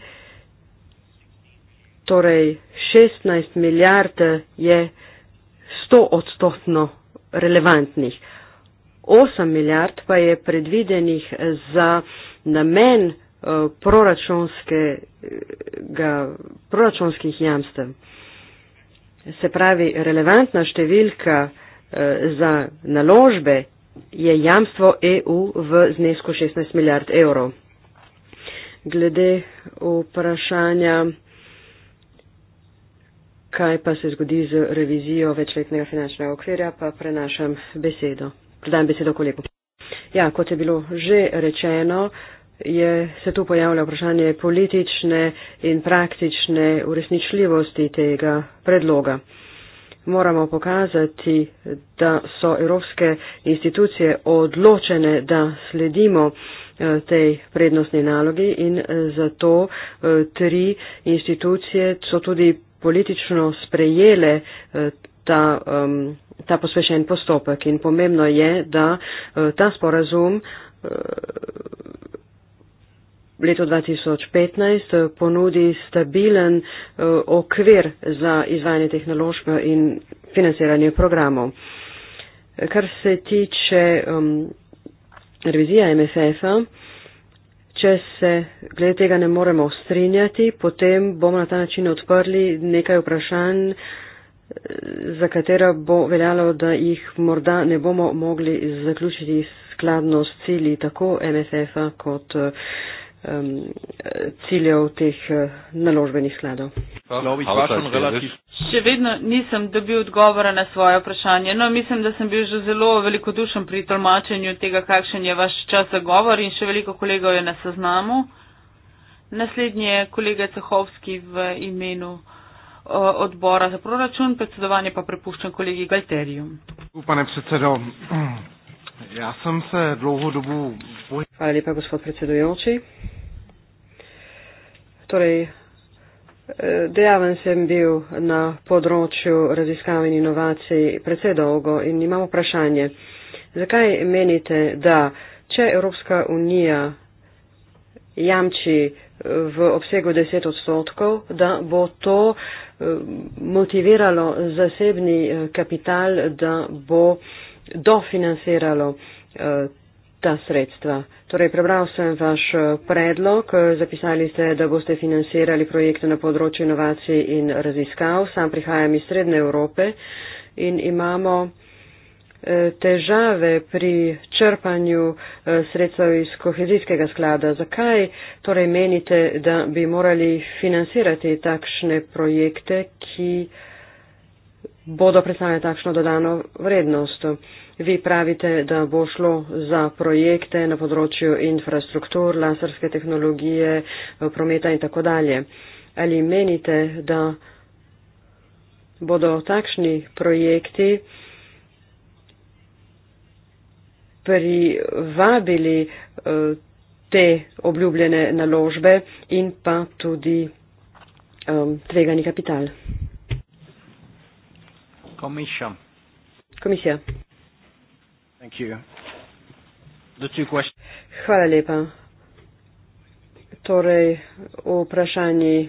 torej 16 milijard je 100 odstotno relevantnih. 8 milijard pa je predvidenih za namen eh, proračunskih jamstev. Se pravi, relevantna številka eh, za naložbe je jamstvo EU v znesku 16 milijard evrov. Glede vprašanja kaj pa se zgodi z revizijo večletnega finančnega okvirja, pa prenašam besedo. Predajam besedo kolegu. Ja, kot je bilo že rečeno, je se tu pojavlja vprašanje politične in praktične uresničljivosti tega predloga. Moramo pokazati, da so evropske institucije odločene, da sledimo eh, tej prednostni nalogi in eh, zato eh, tri institucije so tudi politično sprejele eh, ta, ta posvečen postopek. In pomembno je, da eh, ta sporazum eh, leto 2015 ponudi stabilen okvir za izvajanje tehnološk in financiranje programov. Kar se tiče um, revizija MSF-a, če se glede tega ne moremo strinjati, potem bomo na ta način odprli nekaj vprašanj, eh, za katera bo veljalo, da jih morda ne bomo mogli zaključiti skladno s cilji tako MFF-a kot. Uh, um, ciljev teh uh, naložbenih skladov. Še vedno nisem dobil odgovora na svoje vprašanje. No, mislim, da sem bil že zelo velikodušen pri tolmačenju tega, kakšen je vaš čas za govor in še veliko kolegov je na seznamu. Naslednji je kolega Cehovski v imenu odbora za proračun, predsedovanje pa prepuščam kolegi Galterijum. Upane predsedo, Já jsem se dlouho dobu... Hvala lepa, gospod predsedujoči. Torej, eh, dejaven sem bil na področju raziskav in inovacij predvsej dolgo in imam vprašanje. Zakaj menite, da če Evropska unija jamči eh, v obsegu 10 odstotkov, da bo to eh, motiviralo zasebni kapital, da bo dofinanciralo eh, ta sredstva. Torej, prebral sem vaš eh, predlog, eh, zapisali ste, da boste financirali projekte na področju inovacij in raziskav. Sam prihajam iz Srednje Evrope in imamo težave pri črpanju sredstev iz kohezijskega sklada. Zakaj torej menite, da bi morali financirati takšne projekte, ki bodo predstavljali takšno dodano vrednost? Vi pravite, da bo šlo za projekte na področju infrastruktur, laserske tehnologije, eh, prometa in tako dalje. Ali menite, da bodo takšni projekti privabili eh, te obljubljene naložbe in pa tudi eh, tvegani kapital? Komisija. Komisija. Hvala lepa. Torej, vprašanje, eh,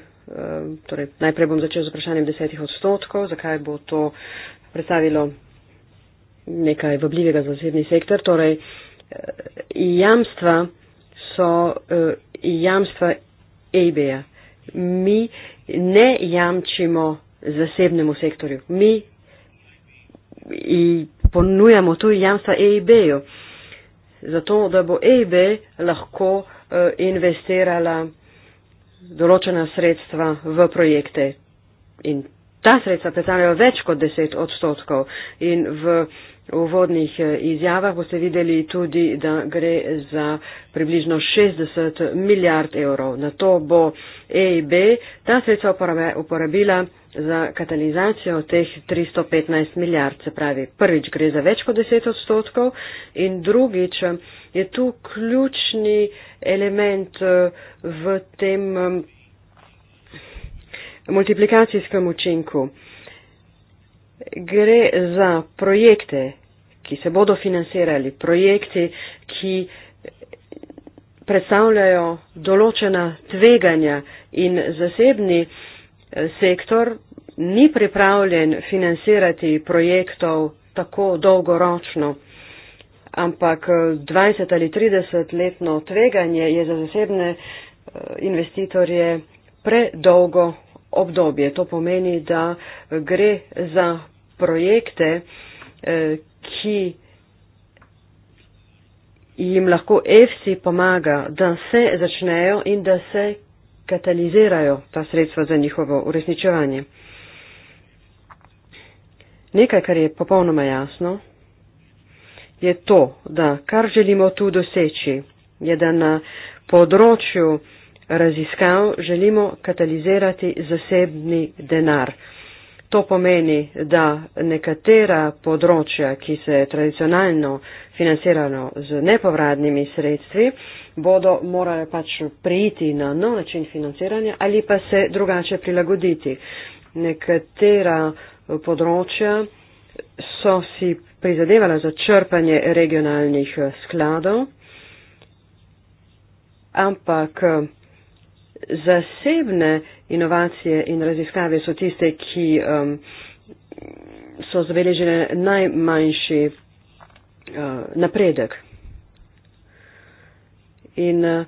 torej, najprej bom začel z vprašanjem desetih odstotkov, zakaj bo to predstavilo nekaj vabljivega za zasebni sektor. Torej, eh, jamstva so eh, jamstva EIB-ja. Mi ne jamčimo zasebnemu sektorju. Mi ponujamo tu jamstva EIB-ju, zato da bo EIB lahko eh, investirala določena sredstva v projekte. In ta sredstva predstavljajo več kot 10 odstotkov. In v uvodnih eh, izjavah boste videli tudi, da gre za približno 60 milijard evrov. Na to bo EIB ta sredstva uporabila za katalizacijo teh 315 milijard, se pravi, prvič gre za več kot 10 odstotkov in drugič eh, je tu ključni element eh, v tem eh, multiplikacijskem učinku. Gre za projekte, ki se bodo financirali, projekti, ki predstavljajo določena tveganja in zasebni sektor ni pripravljen financirati projektov tako dolgoročno, ampak 20 eh, ali 30 letno tveganje je za zasebne eh, investitorje predolgo obdobje. To pomeni, da gre za projekte, eh, ki jim lahko EFSI pomaga, da se začnejo in da se katalizirajo ta sredstva za njihovo uresničevanje. Nekaj, kar je popolnoma jasno, je to, da kar želimo tu doseči, je, da na področju raziskav želimo katalizirati zasebni denar. To pomeni, da nekatera področja, ki se je tradicionalno financirano z nepovratnimi sredstvi, bodo morale pač prijiti na nov način financiranja ali pa se drugače prilagoditi. Nekatera področja, so si prizadevala za črpanje regionalnih eh, skladov, ampak eh, zasebne inovacije in raziskave so tiste, ki um, so zabeležile najmanjši uh, napredek. In uh,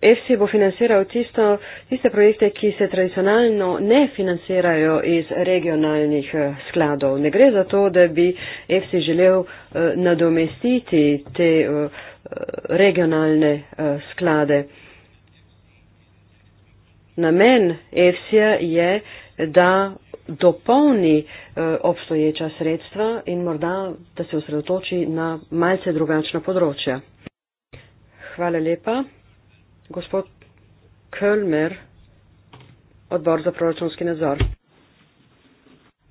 ESI bo financiral tisto, tiste projekte, ki se tradicionalno ne financirajo iz regionalnih eh, skladov. Ne gre za to, da bi ESI želel eh, nadomestiti te eh, regionalne sklade. Namen EFSI-ja je, da dopolni obstoječa sredstva in morda, da se osredotoči na malce drugačna področja. Hvala lepa. Gospod Kölmer, odbor za proračunski nadzor.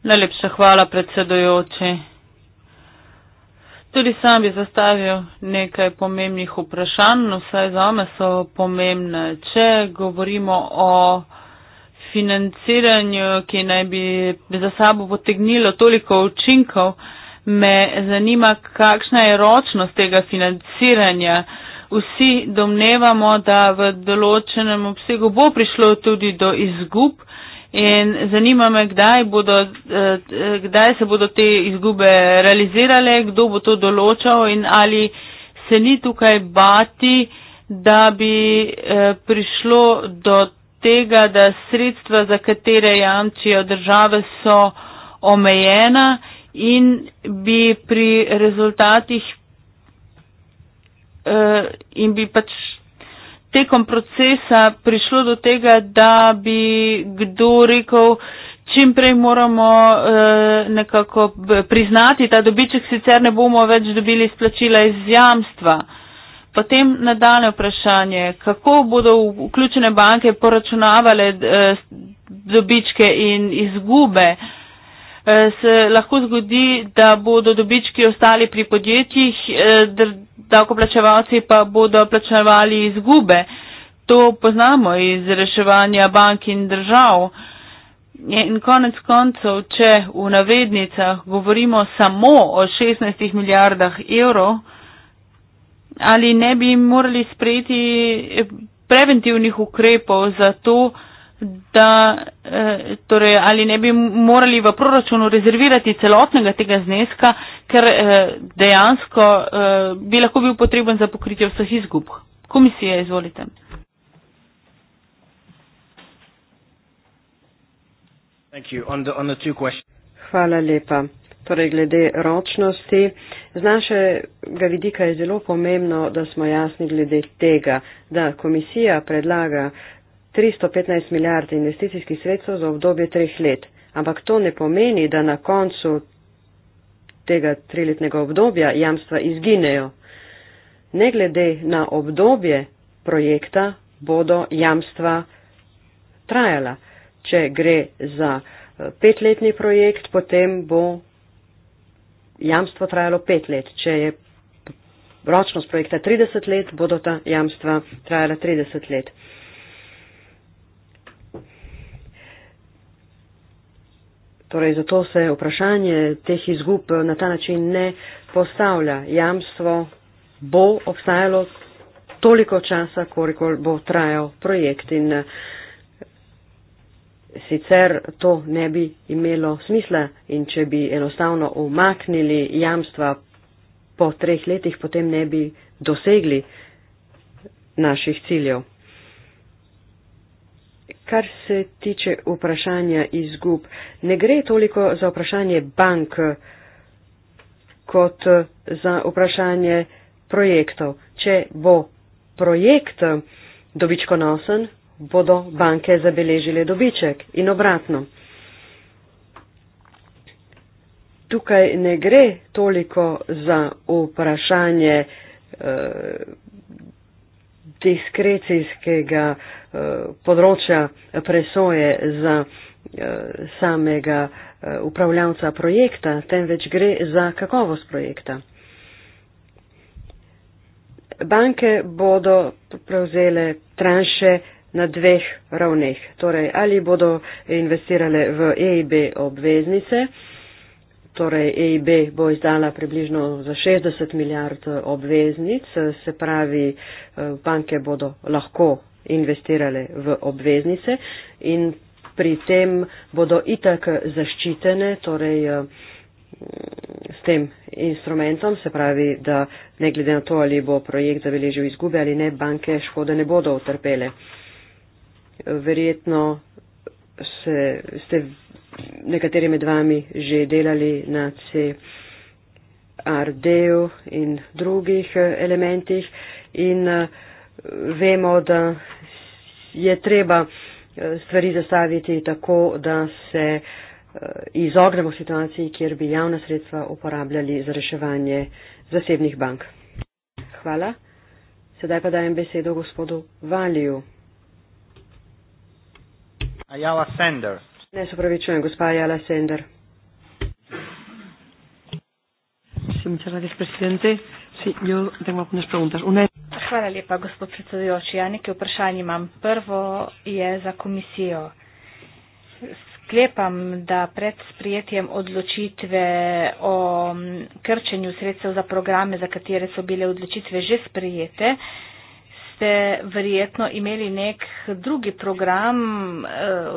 Najlepša hvala, predsedujoči. Tudi sam bi zastavil nekaj pomembnih vprašanj, vsaj za me so pomembne. Če govorimo o financiranju, ki naj bi za sabo potegnilo toliko učinkov, me zanima, kakšna je ročnost tega financiranja vsi domnevamo, da v določenem obsegu bo prišlo tudi do izgub in zanima me, kdaj, bodo, eh, kdaj se bodo te izgube realizirale, kdo bo to določal in ali se ni tukaj bati, da bi eh, prišlo do tega, da sredstva, za katere jamčijo države, so omejena in bi pri rezultatih uh, in bi pač tekom procesa prišlo do tega, da bi kdo rekel, čim prej moramo uh, nekako priznati ta dobiček, sicer ne bomo več dobili splačila iz jamstva. Potem nadaljne vprašanje, kako bodo vključene banke poračunavale eh, dobičke in izgube. Se lahko zgodi, da bodo dobički ostali pri podjetjih, davkoplačevalci pa bodo plačevali izgube. To poznamo iz reševanja bank in držav. In konec koncev, če v navednicah govorimo samo o 16 milijardah evrov, ali ne bi morali sprejeti preventivnih ukrepov za to, da, eh, torej, ali ne bi morali v proračunu rezervirati celotnega tega zneska, ker eh, dejansko eh, bi lahko bil potreben za pokritje vseh izgub. Komisija, izvolite. On the, on the Hvala lepa. Torej, glede ročnosti, z našega vidika je zelo pomembno, da smo jasni glede tega, da komisija predlaga uh, 315 milijard investicijskih sredstev za obdobje treh let. Ampak to ne pomeni, da na koncu tega triletnega obdobja jamstva izginejo. Ne glede na obdobje projekta bodo jamstva trajala. Če gre za eh, petletni projekt, potem bo jamstvo trajalo pet let. Če je ročnost projekta 30 let, bodo ta jamstva trajala 30 let. Torej, zato se vprašanje teh izgub na ta način ne postavlja. Jamstvo bo obstajalo toliko časa, koliko bo trajal projekt in eh, sicer to ne bi imelo smisla in če bi enostavno umaknili jamstva po treh letih, potem ne bi dosegli naših ciljev. Kar se tiče vprašanja izgub, ne gre toliko za vprašanje bank kot za vprašanje projektov. Če bo projekt dobičkonosen, bodo banke zabeležile dobiček in obratno. Tukaj ne gre toliko za vprašanje eh, diskrecijskega eh, področja presoje za eh, samega eh, upravljavca projekta, temveč gre za kakovost projekta. Banke bodo prevzele tranše na dveh ravneh, torej ali bodo investirale v EIB obveznice, torej EIB bo izdala približno za 60 milijard eh, obveznic, eh, se pravi, eh, banke bodo lahko investirale v obveznice in pri tem bodo itak zaščitene, torej s tem instrumentom, se pravi, da ne glede na to, ali bo projekt zabeležil izgube ali ne, banke škode ne bodo utrpele. Verjetno se, ste nekateri med vami že delali na CRD-u in drugih eh, elementih in eh, vemo, da je treba eh, stvari zastaviti tako, da se izognemo situaciji, kjer bi javna sredstva uporabljali za reševanje zasebnih bank. Hvala. Sedaj pa dajem besedo gospodu Valiju. Ayala Sanders. Ne se pravičujem, gospa Jala Sender. Hvala lepa, gospod predsedujoči. Ja, nekaj vprašanj imam. Prvo je za komisijo. Sklepam, da pred sprijetjem odločitve o mm, krčenju sredstev za programe, za katere so bile odločitve že sprijete, ste verjetno imeli nek drugi program eh,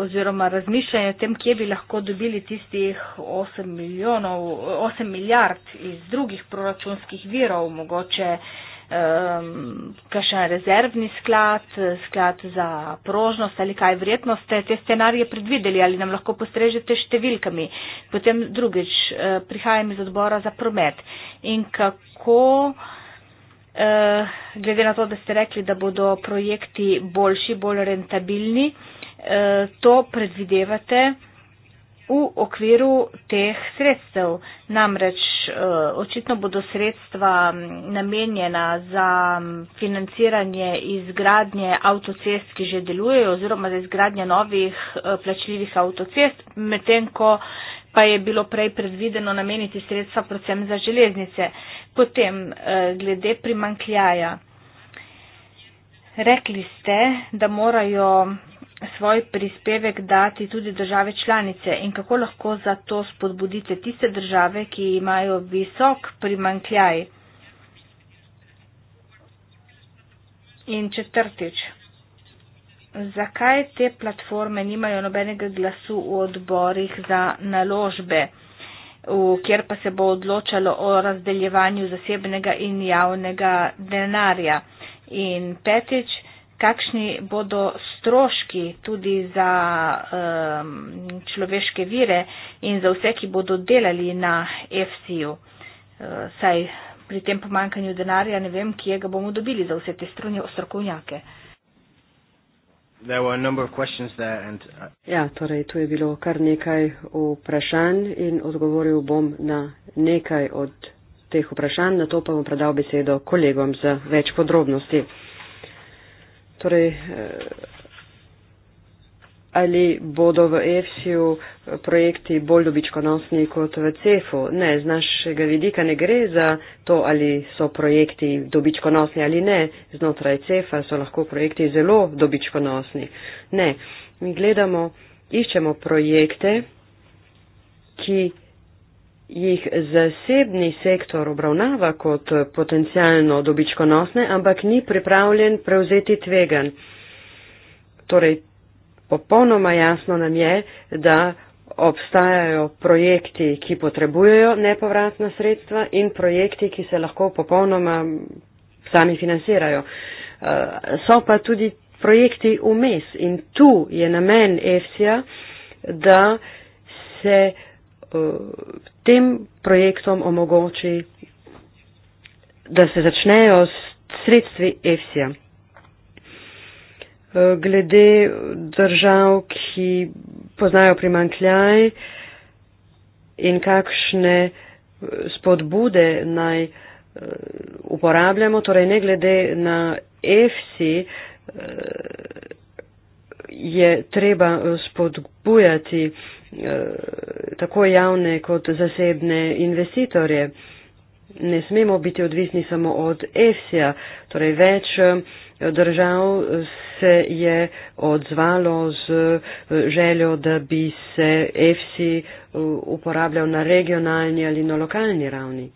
oziroma razmišljanje o tem, kje bi lahko dobili tistih 8, milijonov, 8 milijard iz drugih proračunskih virov, mogoče um, kakšen rezervni sklad, sklad za prožnost ali kaj. Verjetno ste te scenarije predvideli ali nam lahko postrežete številkami. Potem drugič, eh, prihajam iz odbora za promet. In kako. Eh, glede na to, da ste rekli, da bodo projekti boljši, bolj rentabilni, eh, to predvidevate v okviru teh sredstev. Namreč eh, očitno bodo sredstva namenjena za financiranje izgradnje avtocest, ki že delujejo, oziroma za izgradnje novih plačljivih avtocest, medtem ko pa je bilo prej predvideno nameniti sredstva predvsem za železnice. Potem eh, glede primankljaja. Rekli ste, da morajo svoj prispevek dati tudi države članice in kako lahko za to spodbudite tiste države, ki imajo visok primankljaj. In četrtič, zakaj te platforme nimajo nobenega glasu v odborih za naložbe, kjer pa se bo odločalo o razdeljevanju zasebnega in javnega denarja. In petič, kakšni bodo stroški tudi za um, človeške vire in za vse, ki bodo delali na FC-ju. Uh, pri tem pomankanju denarja ne vem, kje ga bomo dobili za vse te strunje, strokovnjake. Uh, Uh, ja, torej tu je bilo kar nekaj vprašanj in odgovoril bom na nekaj od teh vprašanj, na to pa bom predal besedo kolegom za več podrobnosti. Torej, eh, ali bodo v EFSI-ju projekti bolj dobičkonosni kot v CEF-u. Ne, z našega vidika ne gre za to, ali so projekti dobičkonosni ali ne. Znotraj CEF-a so lahko projekti zelo dobičkonosni. Ne, mi gledamo, iščemo projekte, ki jih zasebni sektor obravnava kot potencialno dobičkonosne, ampak ni pripravljen prevzeti tvegan. Torej, Popolnoma jasno nam je, da obstajajo projekti, ki potrebujejo nepovratna sredstva in projekti, ki se lahko popolnoma sami financirajo. Eh, so pa tudi projekti vmes in tu je namen EFSIA, da se eh, tem projektom omogoči, da se začnejo s sredstvi EFSIA. Eh, glede držav, ki poznajo primankljaj in kakšne eh, spodbude naj eh, uporabljamo, torej ne glede na EFSI, je treba spodbujati tako javne kot zasebne investitorje. Ne smemo biti odvisni samo od EFSI-ja, torej več držav se je odzvalo z eh, željo, da bi se EFSI eh, uporabljal na regionalni ali na lokalni ravni.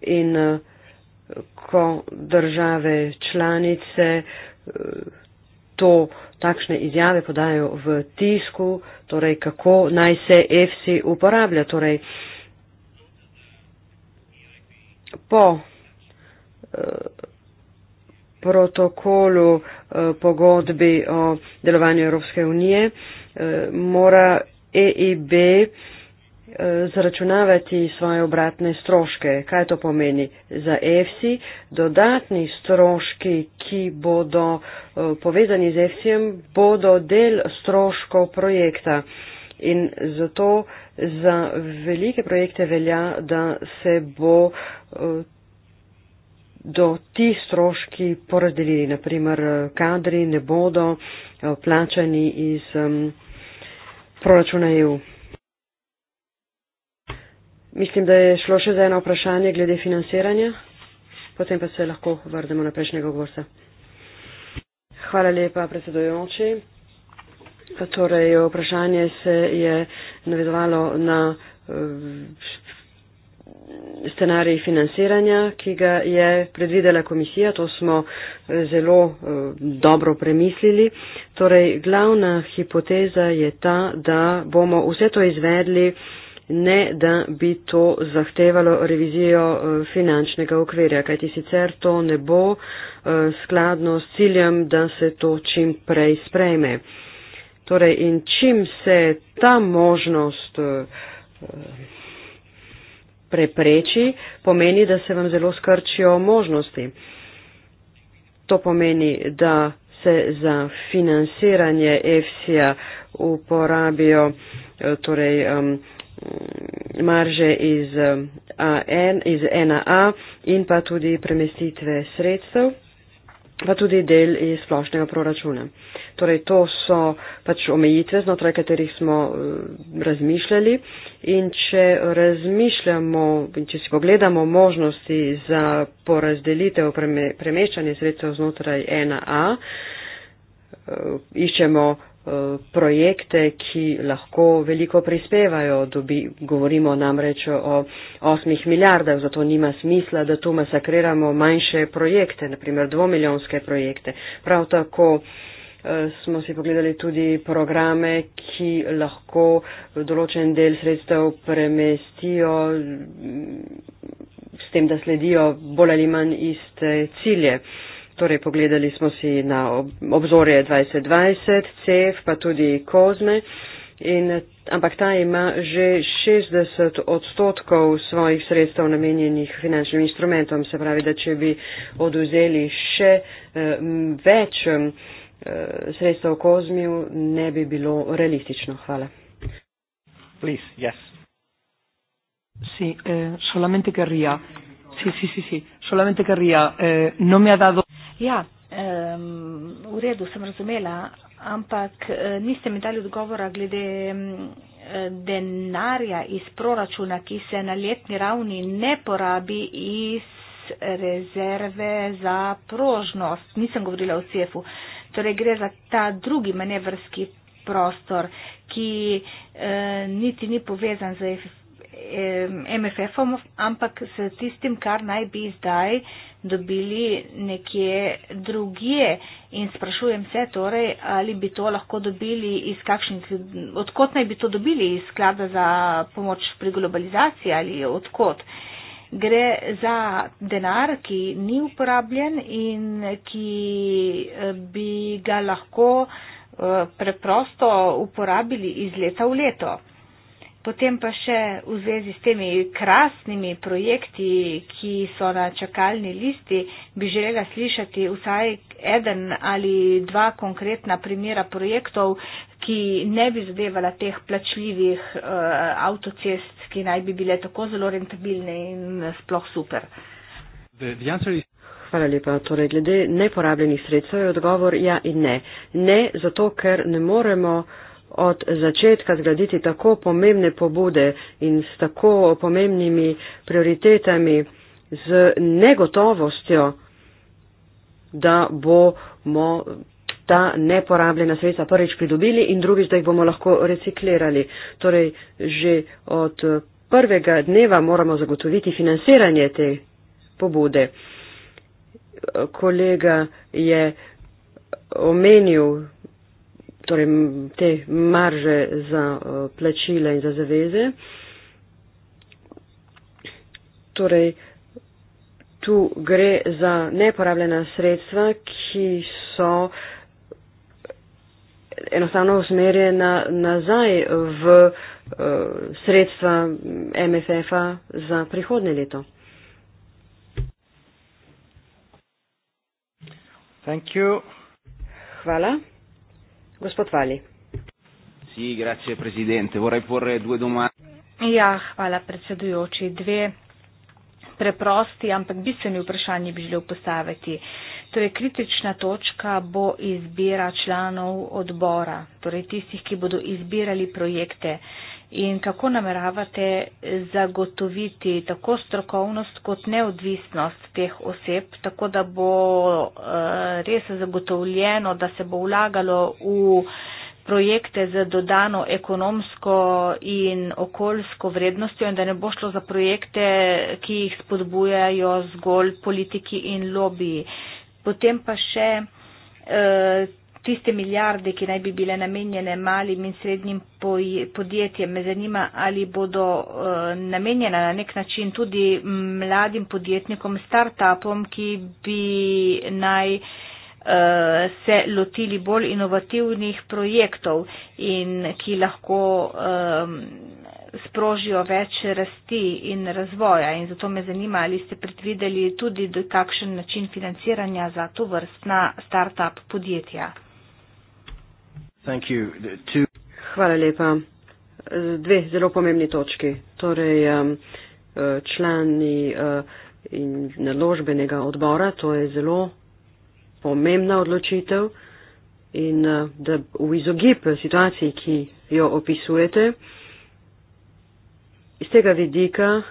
In eh, ko države članice to takšne izjave podajo v tisku, torej kako naj se EFSI uporablja, torej po protokolu eh, pogodbi o delovanju Evropske unije, eh, mora EIB eh, zračunavati svoje obratne stroške. Kaj to pomeni za EFSI? Dodatni stroški, ki bodo povezani z EFSI-em, bodo del stroškov projekta. In zato za velike projekte velja, da se bo do ti stroški porazdelili. Naprimer, kadri ne bodo eh, plačani iz um, proračuna EU. Mislim, da je šlo še za eno vprašanje glede financiranja, potem pa se lahko vrnemo na prejšnjega govorca. Hvala lepa, predsedojoči. Torej, vprašanje se je navezovalo na eh, scenarij financiranja, ki ga je predvidela komisija, to smo eh, zelo eh, dobro premislili. Torej, glavna hipoteza je ta, da bomo vse to izvedli, ne da bi to zahtevalo revizijo eh, finančnega okvirja, kajti sicer to ne bo skladno s ciljem, da se to čim prej sprejme. Torej, in čim se ta možnost prepreči, pomeni, da se vam zelo skrčijo možnosti. To pomeni, da se za financiranje EFSI-ja uporabijo eh, torej, um, marže iz, eh, A1, iz 1A in pa tudi premestitve sredstev pa tudi del iz splošnega proračuna. Torej, to so pač omejitve, znotraj katerih smo eh, razmišljali in če razmišljamo in če si pogledamo možnosti za porazdelitev preme, premeščanja sredstev znotraj 1A, eh, iščemo projekte, ki lahko veliko prispevajo. Dobi, govorimo namreč o 8 milijardah, zato nima smisla, da tu masakriramo manjše projekte, naprimer dvomiljonske projekte. Prav tako eh, smo si pogledali tudi programe, ki lahko določen del sredstev premestijo mm, s tem, da sledijo bolj ali manj iste cilje. Torej, pogledali smo si na obzorje 2020, CEF, pa tudi Kozme, in, ampak ta ima že 60 odstotkov svojih sredstev namenjenih finančnim instrumentom. Se pravi, da če bi oduzeli še eh, več eh, sredstev Kozmiju, ne bi bilo realistično. Hvala. Please, yes. Sí, eh, solamente querría. Sí, sí, sí, sí. Solamente querría. Eh, no me ha dado. Ja, um, v redu sem razumela, ampak eh, niste mi dali odgovora glede denarja iz proračuna, ki se na letni ravni ne porabi iz rezerve za prožnost. Nisem govorila o CF-u. Torej gre za ta drugi manevrski prostor, ki eh, niti ni povezan z MFF-om, ampak s tistim, kar naj bi zdaj eh, dobili nekje drugije in sprašujem se torej, ali bi to lahko dobili iz kakšnih, odkot naj bi to dobili iz sklada za pomoč pri globalizaciji ali odkot. Gre za denar, ki ni uporabljen in ki eh, bi ga lahko eh, preprosto uporabili iz leta v leto. Potem pa še v zvezi s temi krasnimi projekti, ki so na čakalni listi, bi želela slišati vsaj eden ali dva konkretna primera projektov, ki ne bi zadevala teh plačljivih uh, avtocest, ki naj bi bile tako zelo rentabilne in sploh super. Hvala lepa. Torej, glede neporabljenih sredstev je odgovor ja in ne. Ne zato, ker ne moremo od začetka zgraditi tako pomembne pobude in s tako pomembnimi prioritetami, z negotovostjo, da bomo ta neporabljena sredstva prvič pridobili in drugič, da jih bomo lahko reciklirali. Torej, že od prvega dneva moramo zagotoviti financiranje te pobude. Kolega je omenil torej te marže za eh, plačila in za zaveze. Torej, tu gre za neporabljena sredstva, ki so enostavno usmerjena nazaj v eh, sredstva MFF-a za prihodne leto. Thank you. Hvala. Gospod Vali. Sì, grazie presidente. Vorrei porre due domande. Ja, hvala predsedujoči. Dve preprosti, ampak bistveni vprašanji bi želel postaviti. Torej, kritična točka bo izbira članov odbora, torej tistih, ki bodo izbirali projekte. Uh, in kako nameravate zagotoviti tako strokovnost kot neodvisnost teh oseb, tako da bo eh, res zagotovljeno, da se bo vlagalo v projekte z dodano ekonomsko in okoljsko vrednostjo in da ne bo šlo za projekte, ki jih spodbujajo zgolj politiki in lobiji. Potem pa še. Eh, tiste milijarde, ki naj bi bile namenjene malim in srednjim podjetjem. Me zanima, ali bodo eh, namenjena na nek način tudi mladim podjetnikom, start-upom, ki bi naj eh, se lotili bolj inovativnih projektov in ki lahko eh, sprožijo več rasti in razvoja. In zato me zanima, ali ste predvideli tudi kakšen način financiranja za to vrstna start-up podjetja. Hvala lepa. Dve zelo pomembni točki. Torej, um, člani uh, in naložbenega odbora, to je zelo pomembna odločitev in uh, da v izogib situaciji, ki jo opisujete, iz tega vidika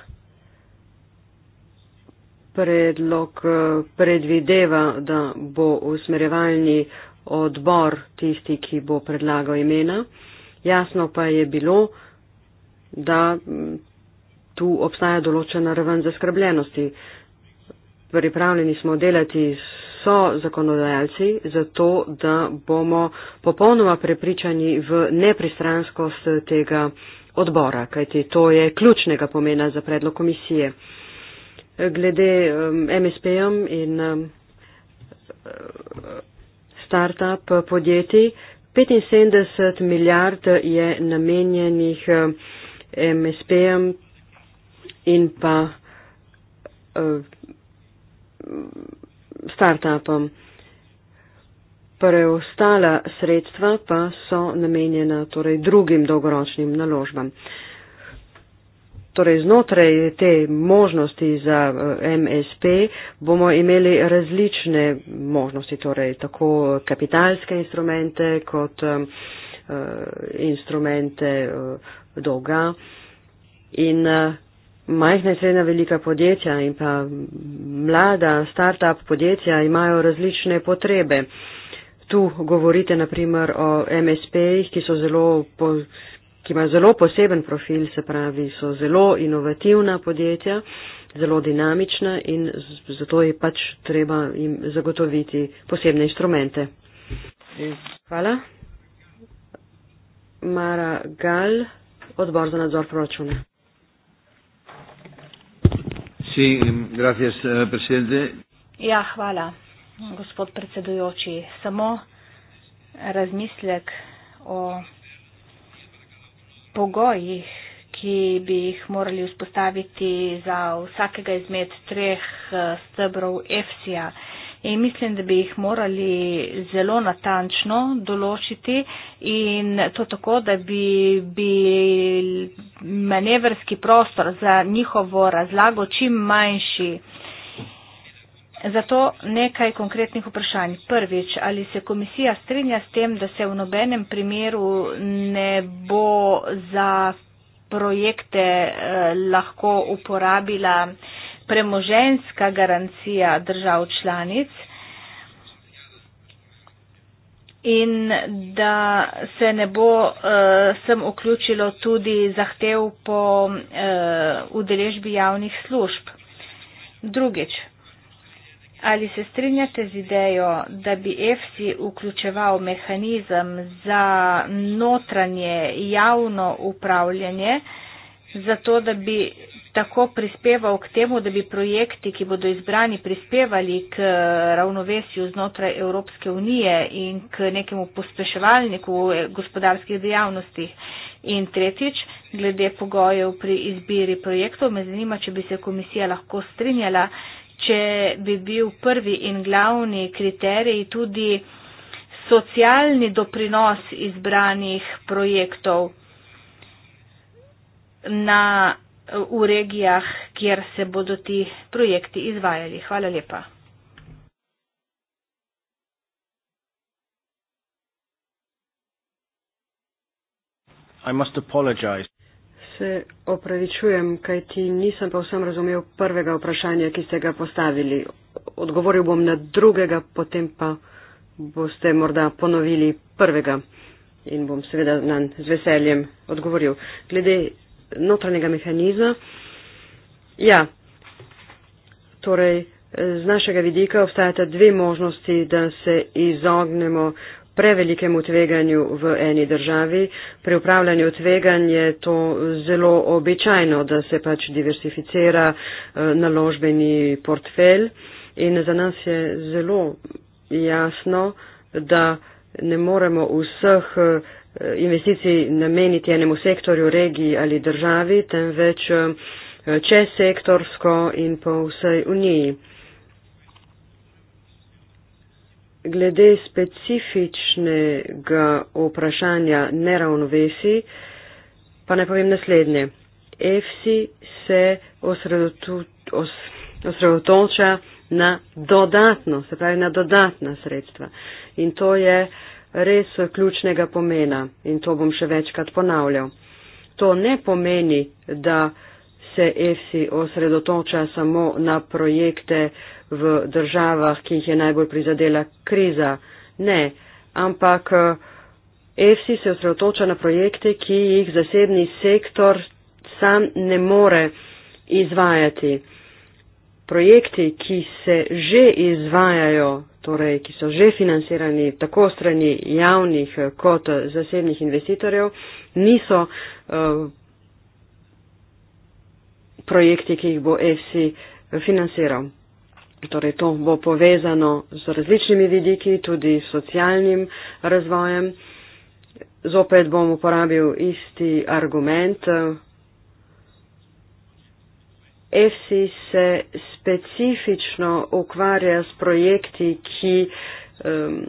predlog uh, predvideva, da bo usmerjevalni odbor odbor tisti, ki bo predlagal imena. Jasno pa je bilo, da mm, tu obstaja določena raven zaskrbljenosti. Pripravljeni smo delati so zakonodajalci zato, da bomo popolnoma prepričani v nepristranskost tega odbora, kajti to je ključnega pomena za predlog komisije. Glede um, mm, MSP-om in um, start-up podjetij. 75 milijard je namenjenih eh, MSP-jem in pa eh, start-upom. Preostala sredstva pa so namenjena torej drugim dolgoročnim naložbam. Torej, znotraj te možnosti za eh, MSP bomo imeli različne možnosti, torej tako kapitalske instrumente kot uh, instrumente uh, dolga. In uh, majhna in srednja velika podjetja in pa mlada start-up podjetja imajo različne potrebe. Tu govorite naprimer o MSP-jih, ki so zelo. Po, ki ima zelo poseben profil, se pravi, so zelo inovativna podjetja, zelo dinamična in zato je pač treba jim zagotoviti posebne instrumente. Hvala. Mara Gal, odbor za nadzor proračuna. Sí, gracias, eh, presidente. Ja, hvala, gospod predsedujoči. Samo razmislek o pogojih, ki bi jih morali vzpostaviti za vsakega izmed treh eh, stebrov EFSI-ja. In mislim, da bi jih morali zelo natančno določiti in to tako, da bi bil manevrski prostor za njihovo razlago čim manjši. Uh, Zato nekaj konkretnih vprašanj. Prvič, ali se komisija strinja s tem, da se v nobenem primeru ne bo za projekte eh, lahko uporabila premoženska garancija držav članic in da se ne bo eh, sem vključilo tudi zahtev po eh, udeležbi javnih služb. Drugič, Ali se strinjate z idejo, da bi EFSI vključeval mehanizem za notranje javno upravljanje, zato da bi tako prispeval k temu, da bi projekti, ki bodo izbrani, prispevali k ravnovesju znotraj Evropske unije in k nekemu pospeševalniku gospodarskih dejavnosti. In tretjič, glede pogojev pri izbiri projektov, me zanima, če bi se komisija lahko strinjala, če bi bil prvi in glavni kriterij tudi socialni doprinos izbranih projektov na, v regijah, kjer se bodo ti projekti izvajali. Hvala lepa. I must apologize se opravičujem, kaj ti nisem pa vsem razumel prvega vprašanja, ki ste ga postavili. Odgovoril bom na drugega, potem pa boste morda ponovili prvega in bom seveda na nj z veseljem odgovoril. Glede notranjega mehanizma, ja, torej z našega vidika obstajata dve možnosti, da se izognemo prevelikemu tveganju v eni državi. Pri upravljanju tveganj je to zelo običajno, da se pač diversificira eh, naložbeni portfelj in za nas je zelo jasno, da ne moremo vseh eh, investicij nameniti enemu sektorju, regiji ali državi, temveč eh, čez sektorsko in po vsej uniji. glede specifičnega vprašanja neravnovesi, pa ne povem naslednje. EFSI se osredotoča na dodatno, se pravi na dodatna sredstva. In to je res ključnega pomena in to bom še večkrat ponavljal. To ne pomeni, da se EFSI osredotoča samo na projekte, v državah, ki jih je najbolj prizadela kriza. Ne, ampak EFSI eh, se osredotoča na projekte, ki jih zasebni sektor sam ne more izvajati. Projekti, ki se že izvajajo, torej ki so že financirani tako strani javnih eh, kot eh, zasebnih investitorjev, niso uh, projekti, ki jih bo EFSI financiral. Torej, to bo povezano z različnimi vidiki, tudi socialnim razvojem. Zopet bom uporabil isti argument. EFSI se specifično ukvarja s projekti, ki um,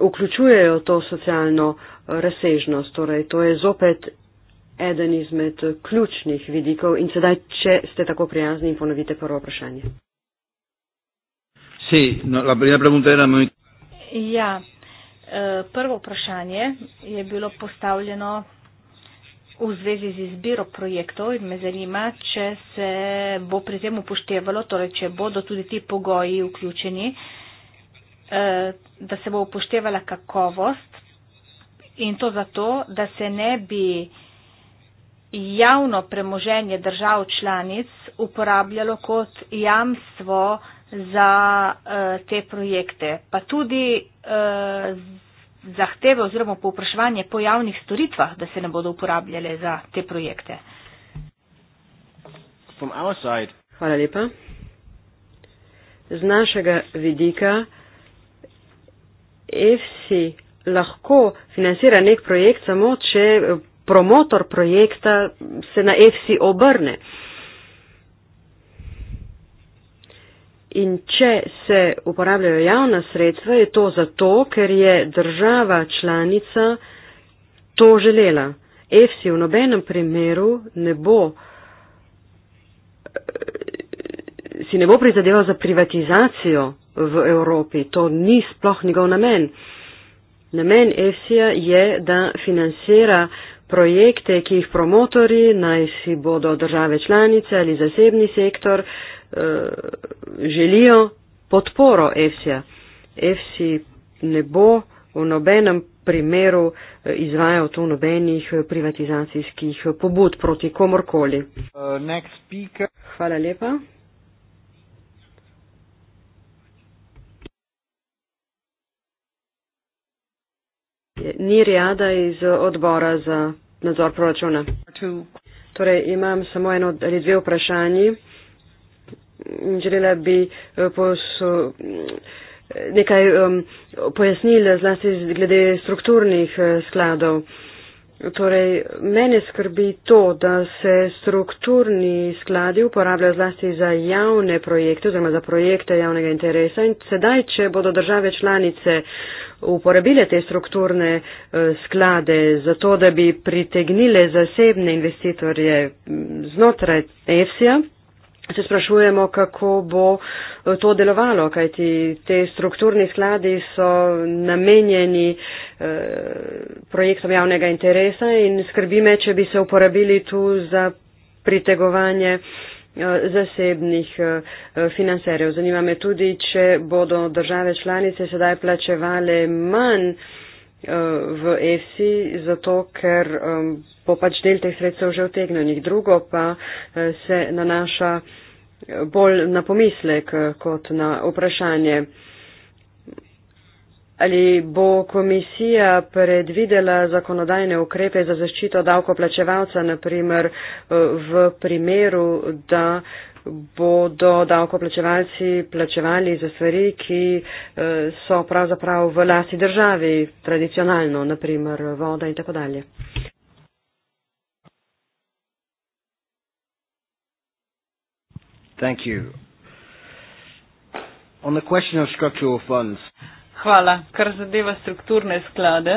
vključujejo to socialno uh, razsežnost. Torej, to je zopet eden izmed ključnih vidikov. In sedaj, če ste tako prijazni, ponovite prvo vprašanje. Sí, no, la primera pregunta era muy. Ya, ja, eh, prvo vprašanje je bilo postavljeno v zvezi z izbiro projektov in me zanima, če se bo pri tem upoštevalo, torej če bodo tudi ti pogoji vključeni, eh, da se bo upoštevala kakovost in to zato, da se ne bi javno premoženje držav članic uporabljalo kot jamstvo za uh, te projekte, pa tudi uh, zahteve oziroma povpraševanje po javnih storitvah, da se ne bodo uporabljale za te projekte. Hvala lepa. Z našega vidika EFSI lahko financira nek projekt samo, če promotor projekta se na EFSI obrne. Uh, In če se uporabljajo javna sredstva, je to zato, ker je država članica to želela. EFSI v nobenem primeru ne bo, eh, si ne bo prizadeval za privatizacijo v Evropi. To ni sploh njegov namen. Namen EFSI-ja je, da financira projekte, ki jih promotori, naj si bodo države članice ali zasebni sektor, eh, Eh, želijo podporo EFSI-ja. EFSI ne bo v nobenem primeru eh, izvajal to nobenih eh, privatizacijskih pobud proti komorkoli. Uh, Hvala lepa. Ni Rijada iz odbora za nadzor proračuna. Torej, imam samo eno ali dve vprašanji želela bi eh, poso, nekaj um, pojasnila zlasti glede strukturnih eh, skladov. Torej, mene skrbi to, da se strukturni skladi uporabljajo zlasti za javne projekte oziroma za projekte javnega interesa in sedaj, če bodo države članice uporabile te strukturne eh, sklade za to, da bi pritegnile zasebne investitorje mm, znotraj EFSI-a, se sprašujemo, kako bo eh, to delovalo, kajti te strukturni skladi so namenjeni eh, projektom javnega interesa in skrbi me, če bi se uporabili tu za pritegovanje eh, zasebnih financerjev. Zanima me tudi, če bodo države članice sedaj plačevale manj v ESI, zato ker bo pač del teh sredstev že otegnenih. Drugo pa eh, se nanaša eh, bolj na pomislek eh, kot na vprašanje. Ali bo komisija predvidela zakonodajne ukrepe za zaščito davkoplačevalca, naprimer v primeru, da bodo davkoplačevalci plačevali za stvari, ki so pravzaprav v lasti državi, tradicionalno, naprimer voda in tako dalje. Thank you. On the question of structural funds. Hvala. Kar zadeva strukturne sklade,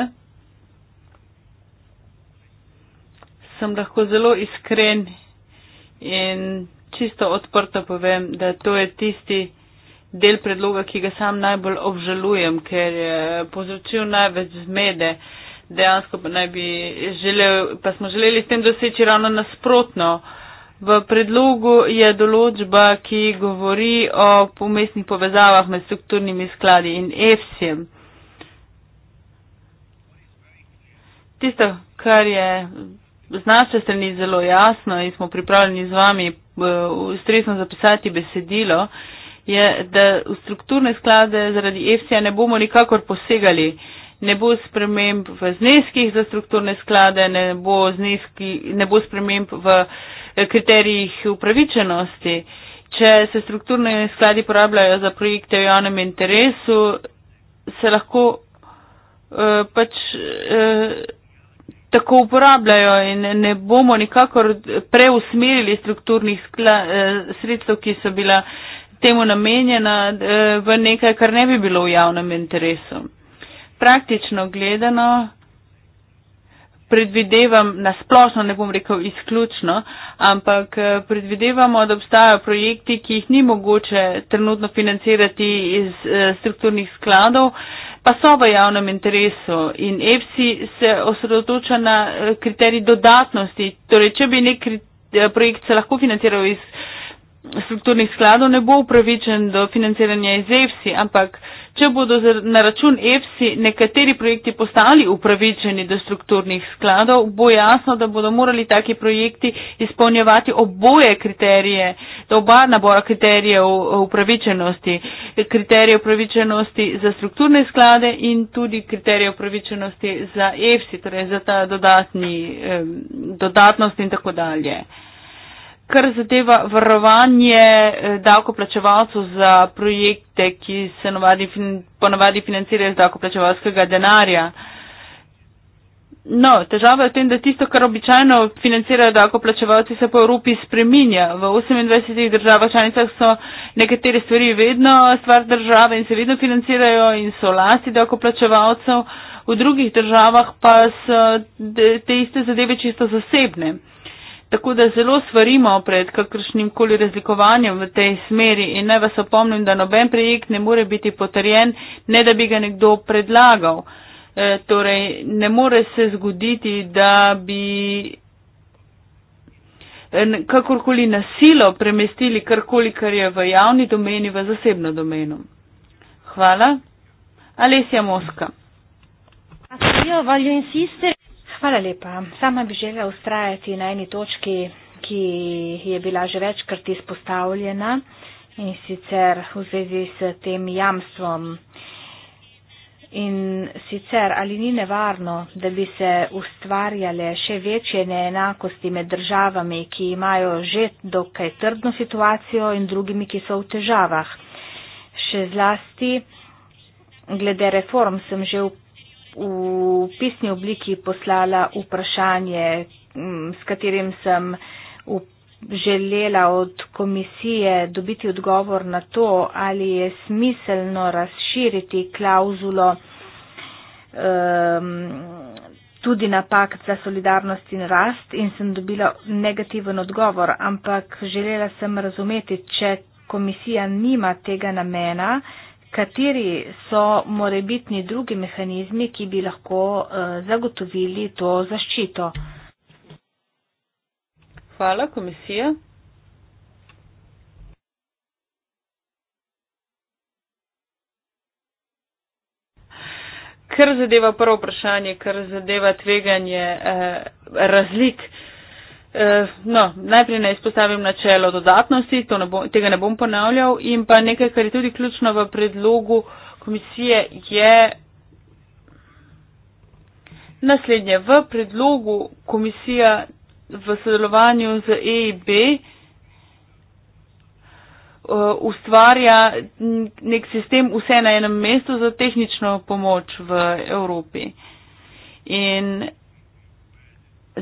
sem lahko zelo iskren in čisto odprto povem, da to je tisti del predloga, ki ga sam najbolj obžalujem, ker je povzročil največ zmede. Dejansko pa, želel, pa smo želeli s tem doseči ravno nasprotno. Uh, V predlogu je določba, ki govori o pomestnih povezavah med strukturnimi skladi in EFSI-em. Tisto, kar je z naše strani zelo jasno in smo pripravljeni z vami eh, ustrezno zapisati besedilo, je, da v strukturne sklade zaradi EFSI-ja ne bomo nikakor posegali. Ne bo sprememb v zneskih za strukturne sklade, ne bo, zneski, ne bo sprememb v kriterijih upravičenosti. Če se strukturni skladi porabljajo za projekte v javnem interesu, se lahko uh, pač uh, tako uporabljajo in ne bomo nikakor preusmerili strukturnih skla, uh, sredstev, ki so bila temu namenjena uh, v nekaj, kar ne bi bilo v javnem interesu. Praktično gledano, predvidevam, nasplošno ne bom rekel izključno, ampak eh, predvidevamo, da obstajajo projekti, ki jih ni mogoče trenutno financirati iz eh, strukturnih skladov, pa so v javnem interesu in EPSI se osredotoča na eh, kriterij dodatnosti. Torej, če bi nek projekt se lahko financiral iz strukturnih skladov, ne bo upravičen do financiranja iz EPSI, ampak uh, Če bodo na račun EFSI nekateri projekti postali upravičeni do strukturnih skladov, bo jasno, da bodo morali taki projekti izpolnjevati oboje kriterije, da oba nabora kriterijev eh, upravičenosti, kriterije upravičenosti za strukturne sklade in tudi kriterije upravičenosti za EFSI, torej za ta dodatni, eh, dodatnost in tako dalje kar zadeva varovanje eh, davkoplačevalcev za projekte, ki se navadi, ponavadi financirajo z davkoplačevalskega denarja. No, težava je v tem, da tisto, kar običajno financirajo davkoplačevalci, se po Evropi spreminja. V 28 državah članicah so nekatere stvari vedno stvar države in se vedno financirajo in so lasti davkoplačevalcev, v drugih državah pa so te iste zadeve čisto zasebne. Uh, Tako da zelo svarimo pred kakršnim koli razlikovanjem v tej smeri in naj vas opomnim, da noben projekt ne more biti potrjen, ne da bi ga nekdo predlagal. E, torej, ne more se zgoditi, da bi e, kakorkoli nasilo premestili karkoli, kar je v javni domeni, v zasebno domeno. Hvala. Alesja Moska. Io voglio insistere. Hvala lepa. Sama bi želela ustrajati na eni točki, ki je bila že večkrat izpostavljena in sicer v zvezi s tem jamstvom. In sicer ali ni nevarno, da bi se ustvarjale še večje neenakosti med državami, ki imajo že dokaj trdno situacijo in drugimi, ki so v težavah. Še zlasti glede reform sem že upravljala v pisni obliki poslala vprašanje, s katerim sem želela od komisije dobiti odgovor na to, ali je smiselno razširiti klauzulo um, tudi na pakt za solidarnost in rast in sem dobila negativen odgovor, ampak želela sem razumeti, če komisija nima tega namena, uh, kateri so morebitni drugi mehanizmi, ki bi lahko eh, zagotovili to zaščito. Hvala, komisija. Kar zadeva prvo vprašanje, kar zadeva tveganje eh, razlik. Eh, Eh, no, najprej naj izpostavim načelo dodatnosti, ne bom, tega ne bom ponavljal in pa nekaj, kar je tudi ključno v predlogu komisije, je naslednje. V predlogu komisija v sodelovanju z EIB eh, ustvarja nek sistem vse na enem mestu za tehnično pomoč v Evropi. In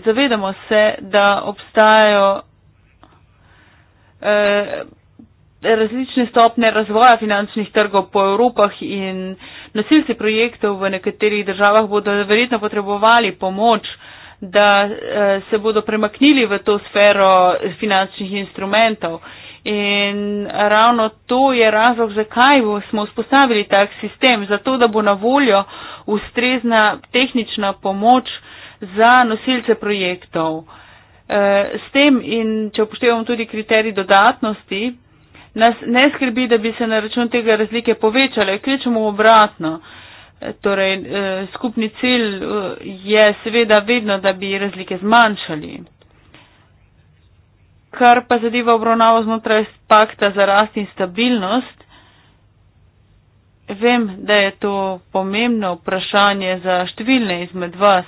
zavedamo se, da obstajajo eh, različne stopne razvoja finančnih trgov po Evropah in nosilci projektov v nekaterih državah bodo verjetno potrebovali pomoč, da eh, se bodo premaknili v to sfero finančnih instrumentov. In ravno to je razlog, zakaj smo vzpostavili tak sistem, zato da bo na voljo ustrezna tehnična pomoč za nosilce projektov. Eh, s tem in če upoštevamo tudi kriterij dodatnosti, nas ne skrbi, da bi se na račun tega razlike povečale, ključemo obratno. Eh, torej, eh, skupni cilj je seveda vedno, da bi razlike zmanjšali. Kar pa zadeva obravnavo znotraj pakta za rast in stabilnost, vem, da je to pomembno vprašanje za številne izmed vas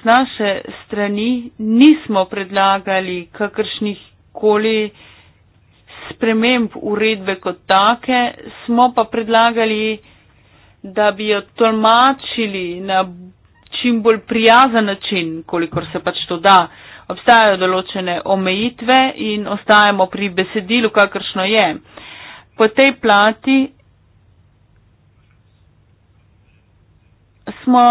z naše strani nismo predlagali kakršnih koli sprememb uredbe kot take, smo pa predlagali, da bi jo tolmačili na čim bolj prijazen način, kolikor se pač to da. Obstajajo določene omejitve in ostajamo pri besedilu, kakršno je. Po tej plati smo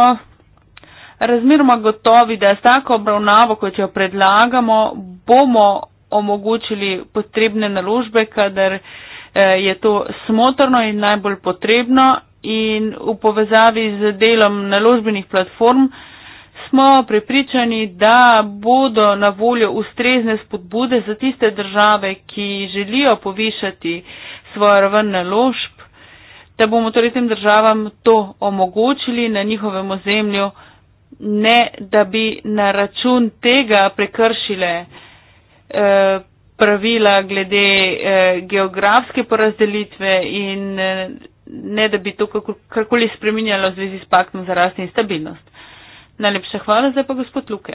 razmeroma gotovi, da s tako obravnavo, kot jo predlagamo, bomo omogočili potrebne naložbe, kadar eh, je to smotrno in najbolj potrebno in v povezavi z delom naložbenih platform smo prepričani, da bodo na voljo ustrezne spodbude za tiste države, ki želijo povišati svojo raven naložb, da bomo torej tem državam to omogočili na njihovem ozemlju ne da bi na račun tega prekršile eh, pravila glede eh, geografske porazdelitve in eh, ne da bi to kakorkoli spreminjalo v zvezi s paktom za rast in stabilnost. Najlepša hvala, zdaj pa gospod Luke.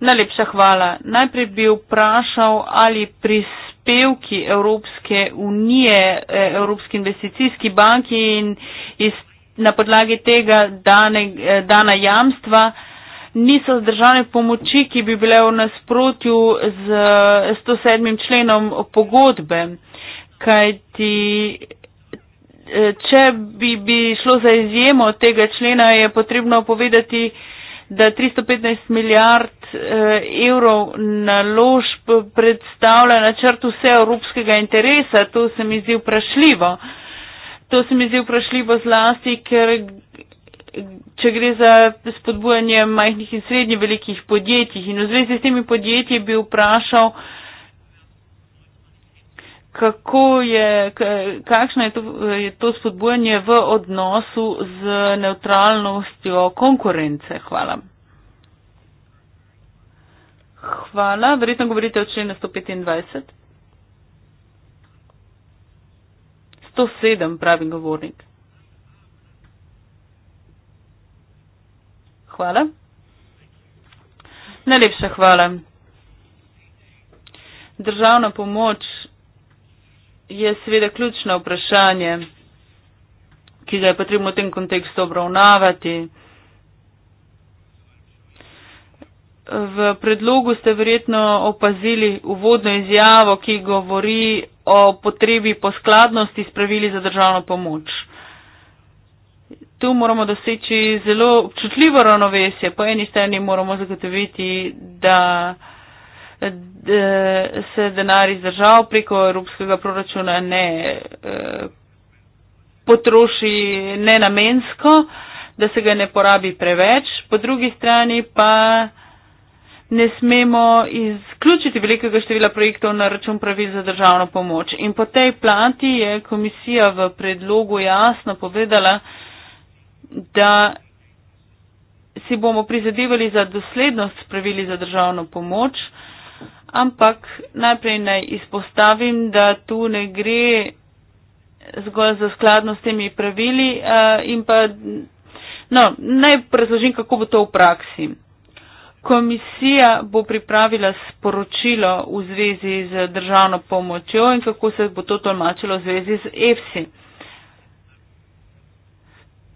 Najlepša hvala. Najprej bi vprašal, ali prispevajo prispevki Evropske unije, eh, Evropske investicijski banki in iz, na podlagi tega dane, eh, dana jamstva niso zdržane pomoči, ki bi bile v nasprotju z 107. členom pogodbe. Kajti, eh, če bi, bi šlo za izjemo tega člena, je potrebno povedati, da 315 milijard eh, evrov naložb predstavlja načrt vseevropskega interesa. To se mi zdi vprašljivo. To se mi zdi vprašljivo zlasti, ker če gre za spodbujanje majhnih in srednjih velikih podjetij. In v zvezi s temi podjetji bi vprašal, kako je, kakšno je to, je to spodbujanje v odnosu z neutralnostjo konkurence. Hvala. Hvala. Verjetno govorite o členu 125. 107 pravi govornik. Hvala. Najlepša hvala. Državna pomoč je seveda ključno vprašanje, ki ga je potrebno v tem kontekstu obravnavati. V predlogu ste verjetno opazili uvodno izjavo, ki govori o potrebi po skladnosti s pravili za državno pomoč. Tu moramo doseči zelo občutljivo ravnovesje. Po eni strani moramo zagotoviti, da se denar iz držav preko evropskega proračuna ne e, potroši nenamensko, da se ga ne porabi preveč, po drugi strani pa ne smemo izključiti velikega števila projektov na račun pravil za državno pomoč. In po tej planti je komisija v predlogu jasno povedala, da si bomo prizadevali za doslednost pravili za državno pomoč, ampak najprej naj izpostavim, da tu ne gre zgolj za skladno s temi pravili uh, in pa no, naj prezložim, kako bo to v praksi. Komisija bo pripravila sporočilo v zvezi z državno pomočjo in kako se bo to tolmačilo v zvezi z EFSI.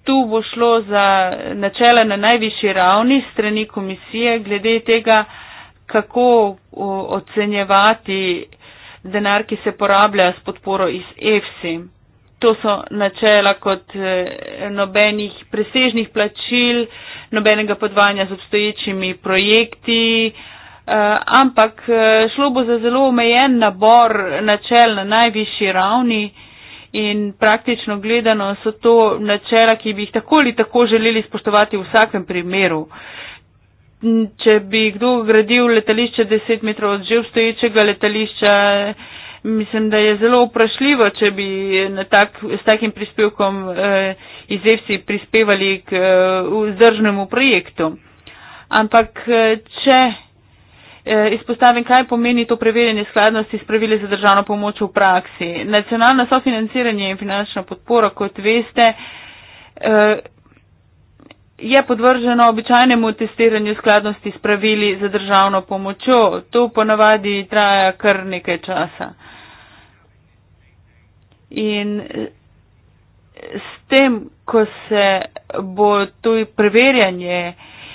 Tu bo šlo za načela na najvišji ravni strani komisije glede tega, kako ocenjevati denar, ki se porablja s podporo iz EFSI. To so načela kot eh, nobenih presežnih plačil, nobenega podvajanja z obstoječimi projekti, eh, ampak eh, šlo bo za zelo omejen nabor načel na najvišji ravni. In praktično gledano so to načela, ki bi jih tako ali tako želeli spoštovati v vsakem primeru. Uh, če bi kdo gradil letališče 10 metrov od že obstoječega letališča, mislim, da je zelo vprašljivo, če bi tak, s takim prispevkom eh, izevci prispevali k eh, vzdržnemu eh, projektu. Ampak eh, če eh, izpostavim, kaj pomeni to preverjanje skladnosti s pravili za državno pomoč v praksi. Nacionalno sofinanciranje in finančna podpora, kot veste, je podvrženo običajnemu testiranju skladnosti s pravili za državno pomočjo. To ponavadi traja kar nekaj časa. In eh, s tem, ko se bo to preverjanje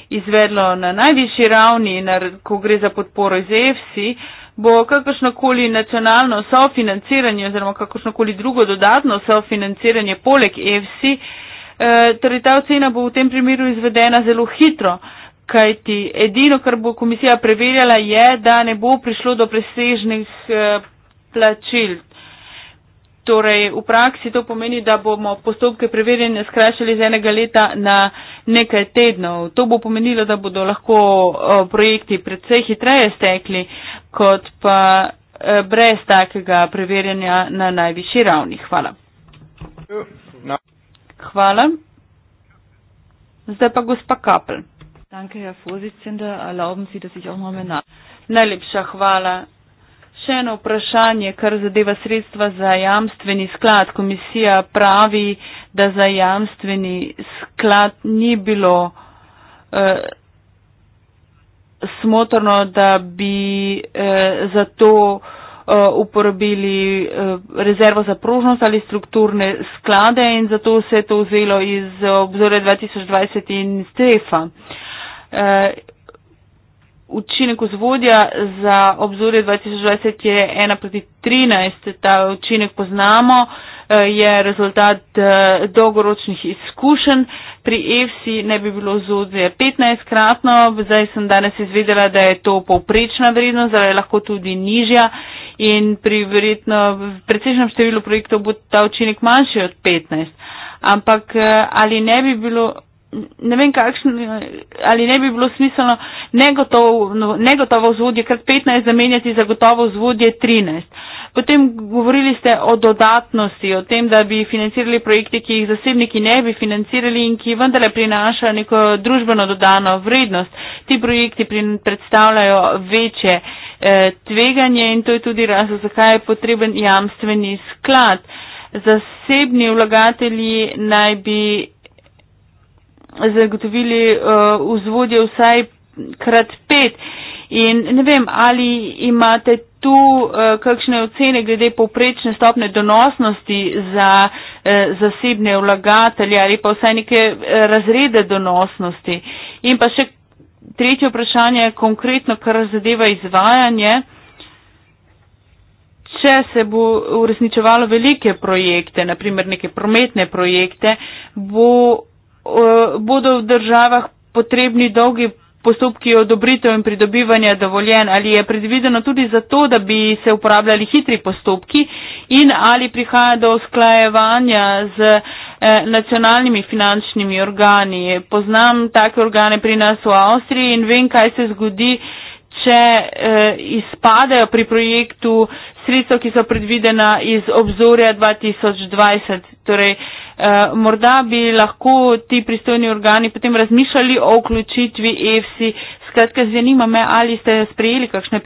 izvedlo na najvišji ravni, ko gre za podporo iz EFSI, bo kakršnokoli nacionalno sofinanciranje oziroma kakršnokoli drugo dodatno sofinanciranje poleg EFSI Eh, torej ta ocena bo v tem primeru izvedena zelo hitro, kajti edino, kar bo komisija preverjala, je, da ne bo prišlo do presežnih eh, plačil. Torej, v praksi to pomeni, da bomo postopke preverjanja skrajšali z enega leta na nekaj tednov. To bo pomenilo, da bodo lahko eh, projekti predvsej hitreje stekli, kot pa brez takega preverjanja na najvišji ravni. Hvala. No. Hvala. Zdaj pa gospa Kapel. Danke, Herr Vorsitzende, erlauben Sie, dass ich auch mal nach. Najlepša hvala. Še eno vprašanje, kar zadeva sredstva za jamstveni sklad. Komisija pravi, da za jamstveni sklad ni bilo eh, smotrno, da bi eh, za to. Eh, Uh, uporabili uh, rezervo za pružnost ali strukturne sklade in zato se je to vzelo iz obzore 2020 in strefa. Uh, učinek vzvodja za obzore 2020 je 1 proti 13, ta učinek poznamo, je rezultat dolgoročnih izkušenj. Pri EFSI ne bi bilo vzvodja 15 kratno, zdaj sem danes izvedela, da je to povprečna vrednost, zdaj lahko tudi nižja in pri verjetno precejšnjem številu projektov bo ta učinek manjši od 15. Ampak eh, ali ne bi bilo. Ne vem, kakšen, eh, ali ne bi bilo smiselno negotovo, negotovo vzvodje kar 15 zamenjati za gotovo vzvodje 13. Potem govorili ste o dodatnosti, o tem, da bi financirali projekte, ki jih zasebniki ne bi financirali in ki vendarle prinašajo neko družbeno dodano vrednost. Ti projekti predstavljajo večje. Uh, Eh, tveganje in to je tudi razlog, zakaj je potreben jamstveni sklad. Zasebni vlagatelji naj bi zagotovili eh, vzvodje vsaj krat pet. In ne vem, ali imate tu uh, kakšne ocene glede povprečne stopne donosnosti za uh, zasebne vlagatelje ali pa vsaj neke uh, razrede donosnosti. In pa še Tretje vprašanje je konkretno, kar zadeva izvajanje. Če se bo uresničevalo velike projekte, naprimer neke prometne projekte, bo, eh, bodo v državah potrebni dolgi postopki odobritev in pridobivanja dovoljen, ali je predvideno tudi za to, da bi se uporabljali hitri postopki in ali prihaja do sklajevanja z. Uh, eh, nacionalnimi finančnimi organi. Poznam take organe pri nas v Avstriji in vem, kaj se zgodi, če eh, izpadajo pri projektu sredstva, ki so predvidena iz obzorja 2020. Torej, eh, morda bi lahko ti pristojni organi potem razmišljali o vključitvi EFSI. Skratka, zanima me, ali ste sprejeli kakšne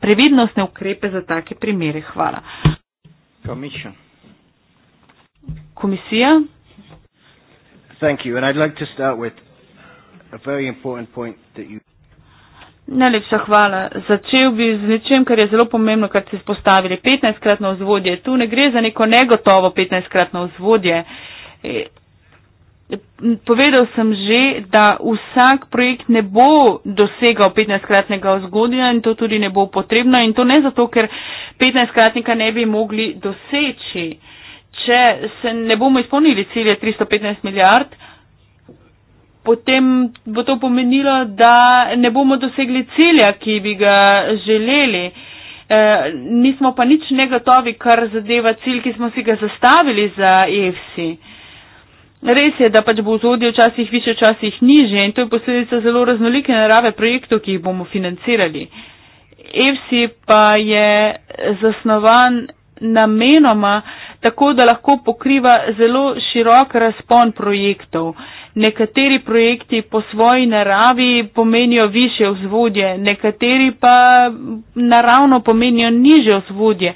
previdnostne ukrepe za take primere. Hvala. Komisijo. Komisija. Thank you. And I'd like to start with a very important point that you. Najlepša hvala. Začel bi z nečem, kar je zelo pomembno, kar ste spostavili. 15-kratno vzvodje. Tu ne gre za neko negotovo 15-kratno vzvodje. E, povedal sem že, da vsak projekt ne bo dosegal 15-kratnega vzvodja in to tudi ne bo potrebno. In to ne zato, ker 15-kratnika ne bi mogli doseči. Uh, če se ne bomo izpolnili cilje 315 milijard, potem bo to pomenilo, da ne bomo dosegli cilja, ki bi ga želeli. E, nismo pa nič negotovi, kar zadeva cilj, ki smo si ga zastavili za EFSI. Res je, da pač bo vzhodje včasih više, včasih niže in to je posledica zelo raznolike narave projektov, ki jih bomo financirali. EFSI pa je zasnovan namenoma tako, da lahko pokriva zelo širok razpon projektov. Nekateri projekti po svoji naravi pomenijo više vzvodje, nekateri pa naravno pomenijo niže vzvodje.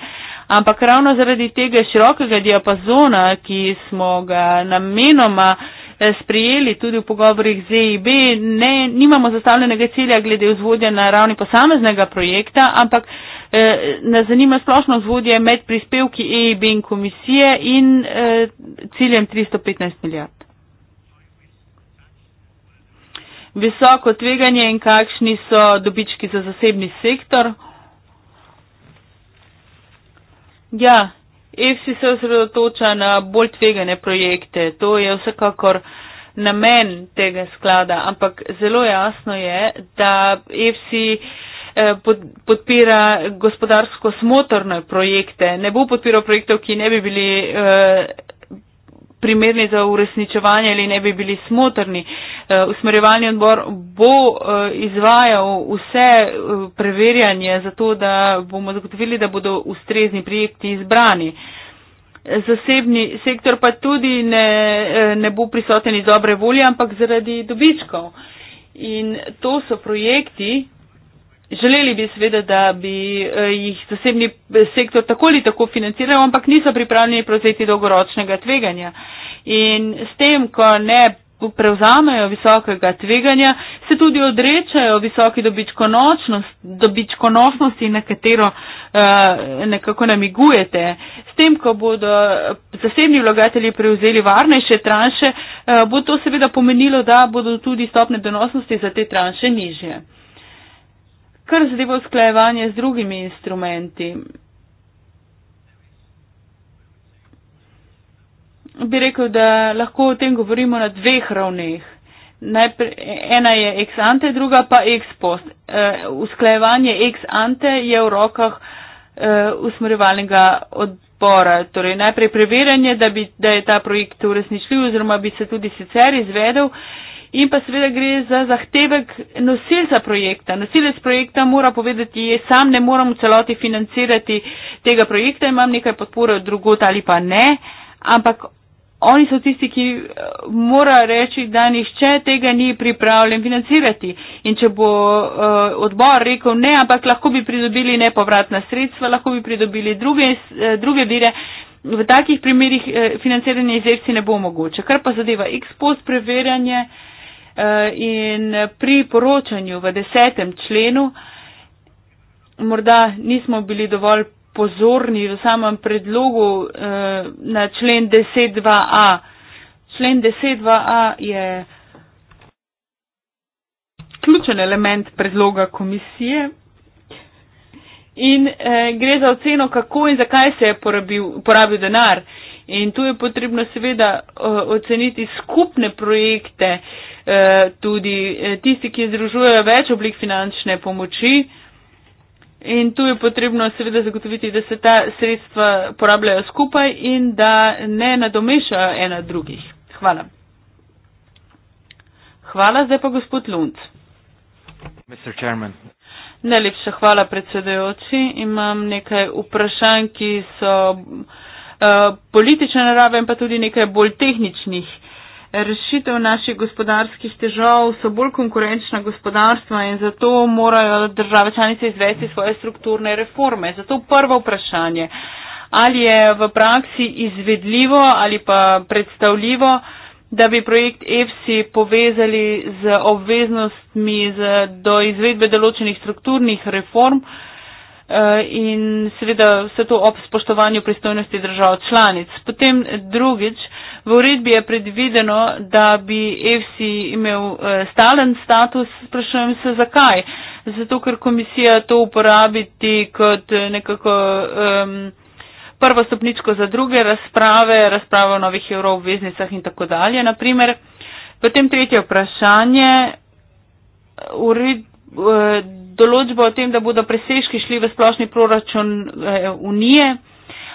Ampak ravno zaradi tega širokega diapazona, ki smo ga namenoma uh, Eh, sprejeli tudi v pogovorih z EIB, ne, nimamo zastavljenega cilja glede vzvodja na ravni posameznega projekta, ampak eh, nas zanima splošno vzvodje med prispevki EIB in komisije in eh, ciljem 315 milijard. Visoko tveganje in kakšni so dobički za zasebni sektor? Ja, EFSI se osredotoča na bolj tvegane projekte. To je vsekakor namen tega sklada, ampak zelo jasno je, da EFSI eh, podpira gospodarsko smotrne projekte. Ne bo podpiral projektov, ki ne bi bili eh, primerni za uresničevanje ali ne bi bili smotrni. Eh, usmerjevalni odbor bo eh, izvajal vse eh, preverjanje za to, da bomo zagotovili, da bodo ustrezni projekti izbrani. Zasebni sektor pa tudi ne, ne bo prisoten iz dobre volje, ampak zaradi dobičkov. In to so projekti, Želeli bi seveda, da bi eh, jih zasebni eh, sektor tako ali tako financiral, ampak niso pripravljeni prevzeti dolgoročnega tveganja. In s tem, ko ne prevzamejo visokega tveganja, se tudi odrečajo visoki dobičkonosnost, dobičkonosnosti, na katero eh, nekako namigujete. S tem, ko bodo zasebni vlagatelji prevzeli varnejše tranše, bo to seveda pomenilo, da bodo tudi stopne donosnosti za te tranše nižje kar zadeva usklajevanje z drugimi instrumenti. Bi rekel, da lahko o tem govorimo na dveh ravneh. Najprej, ena je ex ante, druga pa ex post. E, usklajevanje ex ante je v rokah e, usmerjevalnega odbora. Torej, najprej preverjanje, da, bi, da je ta projekt uresničljiv oziroma bi se tudi sicer izvedel in pa seveda gre za zahtevek nosilca projekta. Nosilec projekta mora povedati, je sam ne moram v celoti financirati tega projekta, imam nekaj podpore drugot ali pa ne, ampak oni so tisti, ki eh, mora reči, da nišče tega ni pripravljen financirati. In če bo uh, odbor rekel ne, ampak lahko bi pridobili nepovratna sredstva, lahko bi pridobili druge, uh, druge vire. V takih primerjih financiranje iz EFSI ne bo mogoče, kar pa zadeva ekspost preverjanje. Eh, in pri poročanju v desetem členu morda nismo bili dovolj pozorni v samem predlogu eh, na člen 10.2a. Člen 10.2a je ključen element predloga komisije. In eh, gre za oceno, kako in zakaj se je porabil, porabil denar. Eh, In tu je potrebno seveda eh, oceniti skupne projekte, eh, tudi eh, tisti, ki združujejo več oblik finančne pomoči. In tu je potrebno seveda zagotoviti, da se ta sredstva porabljajo skupaj in da ne nadomešajo ena drugih. Hvala. Hvala, zdaj pa gospod Lund. Najlepša hvala, predsedajoči. Imam nekaj vprašanj, ki so. Eh, politične narave in pa tudi nekaj bolj tehničnih. Rešitev naših gospodarskih težav so bolj konkurenčna gospodarstva in zato morajo države članice izvesti svoje strukturne reforme. Zato prvo vprašanje, ali je v praksi izvedljivo ali pa predstavljivo, da bi projekt EFSI povezali z obveznostmi z, do izvedbe določenih strukturnih reform, uh, Eh, in seveda vse to ob spoštovanju pristojnosti držav članic. Potem drugič, v uredbi je predvideno, da bi EFSI imel eh, stalen status, sprašujem se zakaj. Zato, ker komisija to uporabiti kot eh, nekako. Um, Prvo stopničko za druge razprave, razprave o novih evroobveznicah in tako dalje. Naprimer, potem tretje vprašanje. Ured, določbo o tem, da bodo presežki šli v splošni proračun eh, unije.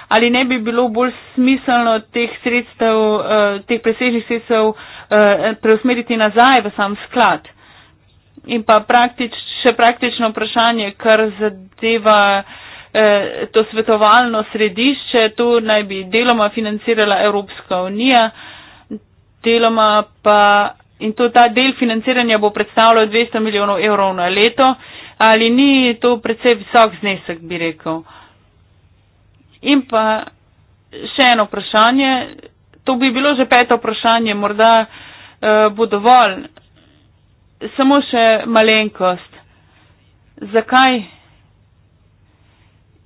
Ali ne bi bilo bolj smiselno teh, sredstev, eh, teh presežnih sredstev eh, preusmeriti nazaj v sam sklad? In pa praktič, še praktično vprašanje, kar zadeva to svetovalno središče, to naj bi deloma financirala Evropska unija, deloma pa in to ta del financiranja bo predstavljal 200 milijonov evrov na leto, ali ni to predvsej visok znesek, bi rekel. In pa še eno vprašanje, to bi bilo že peto vprašanje, morda eh, bo dovolj, samo še malenkost. Zakaj?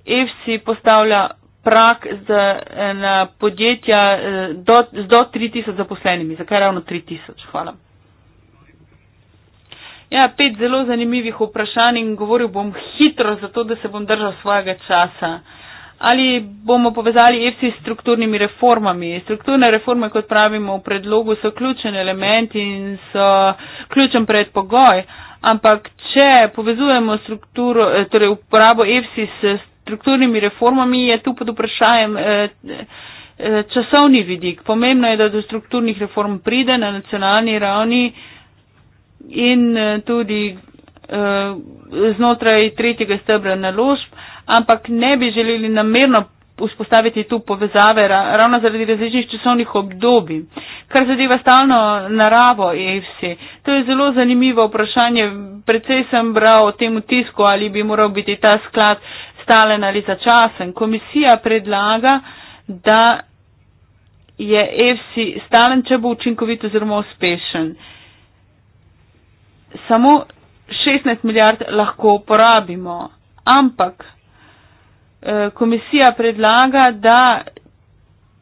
EFSI postavlja prak za eh, podjetja eh, do, z do 3000 zaposlenimi. Zakaj ravno 3000? Hvala. Ja, pet zelo zanimivih vprašanj in govoril bom hitro, zato da se bom držal svojega časa. Ali bomo povezali EFSI s strukturnimi reformami? Strukturne reforme, kot pravimo v predlogu, so ključen element in so ključen predpogoj, ampak če povezujemo strukturo, eh, torej uporabo EFSI s strukturnimi reformami je tu pod vprašanjem eh, eh, časovni vidik. Pomembno je, da do strukturnih reform pride na nacionalni ravni in eh, tudi znotraj tretjega stebra naložb, ampak ne bi želeli namerno vzpostaviti tu povezave ravno zaradi različnih časovnih obdobij. Kar zadeva stalno naravo EFSI, to je zelo zanimivo vprašanje. Predvsej sem bral o tem v tisku, ali bi moral biti ta sklad uh, predstavljena ali začasen. Komisija predlaga, da je EFSI stalen, če bo učinkovit oziroma uspešen. Samo 16 milijard lahko uporabimo, ampak eh, komisija predlaga, da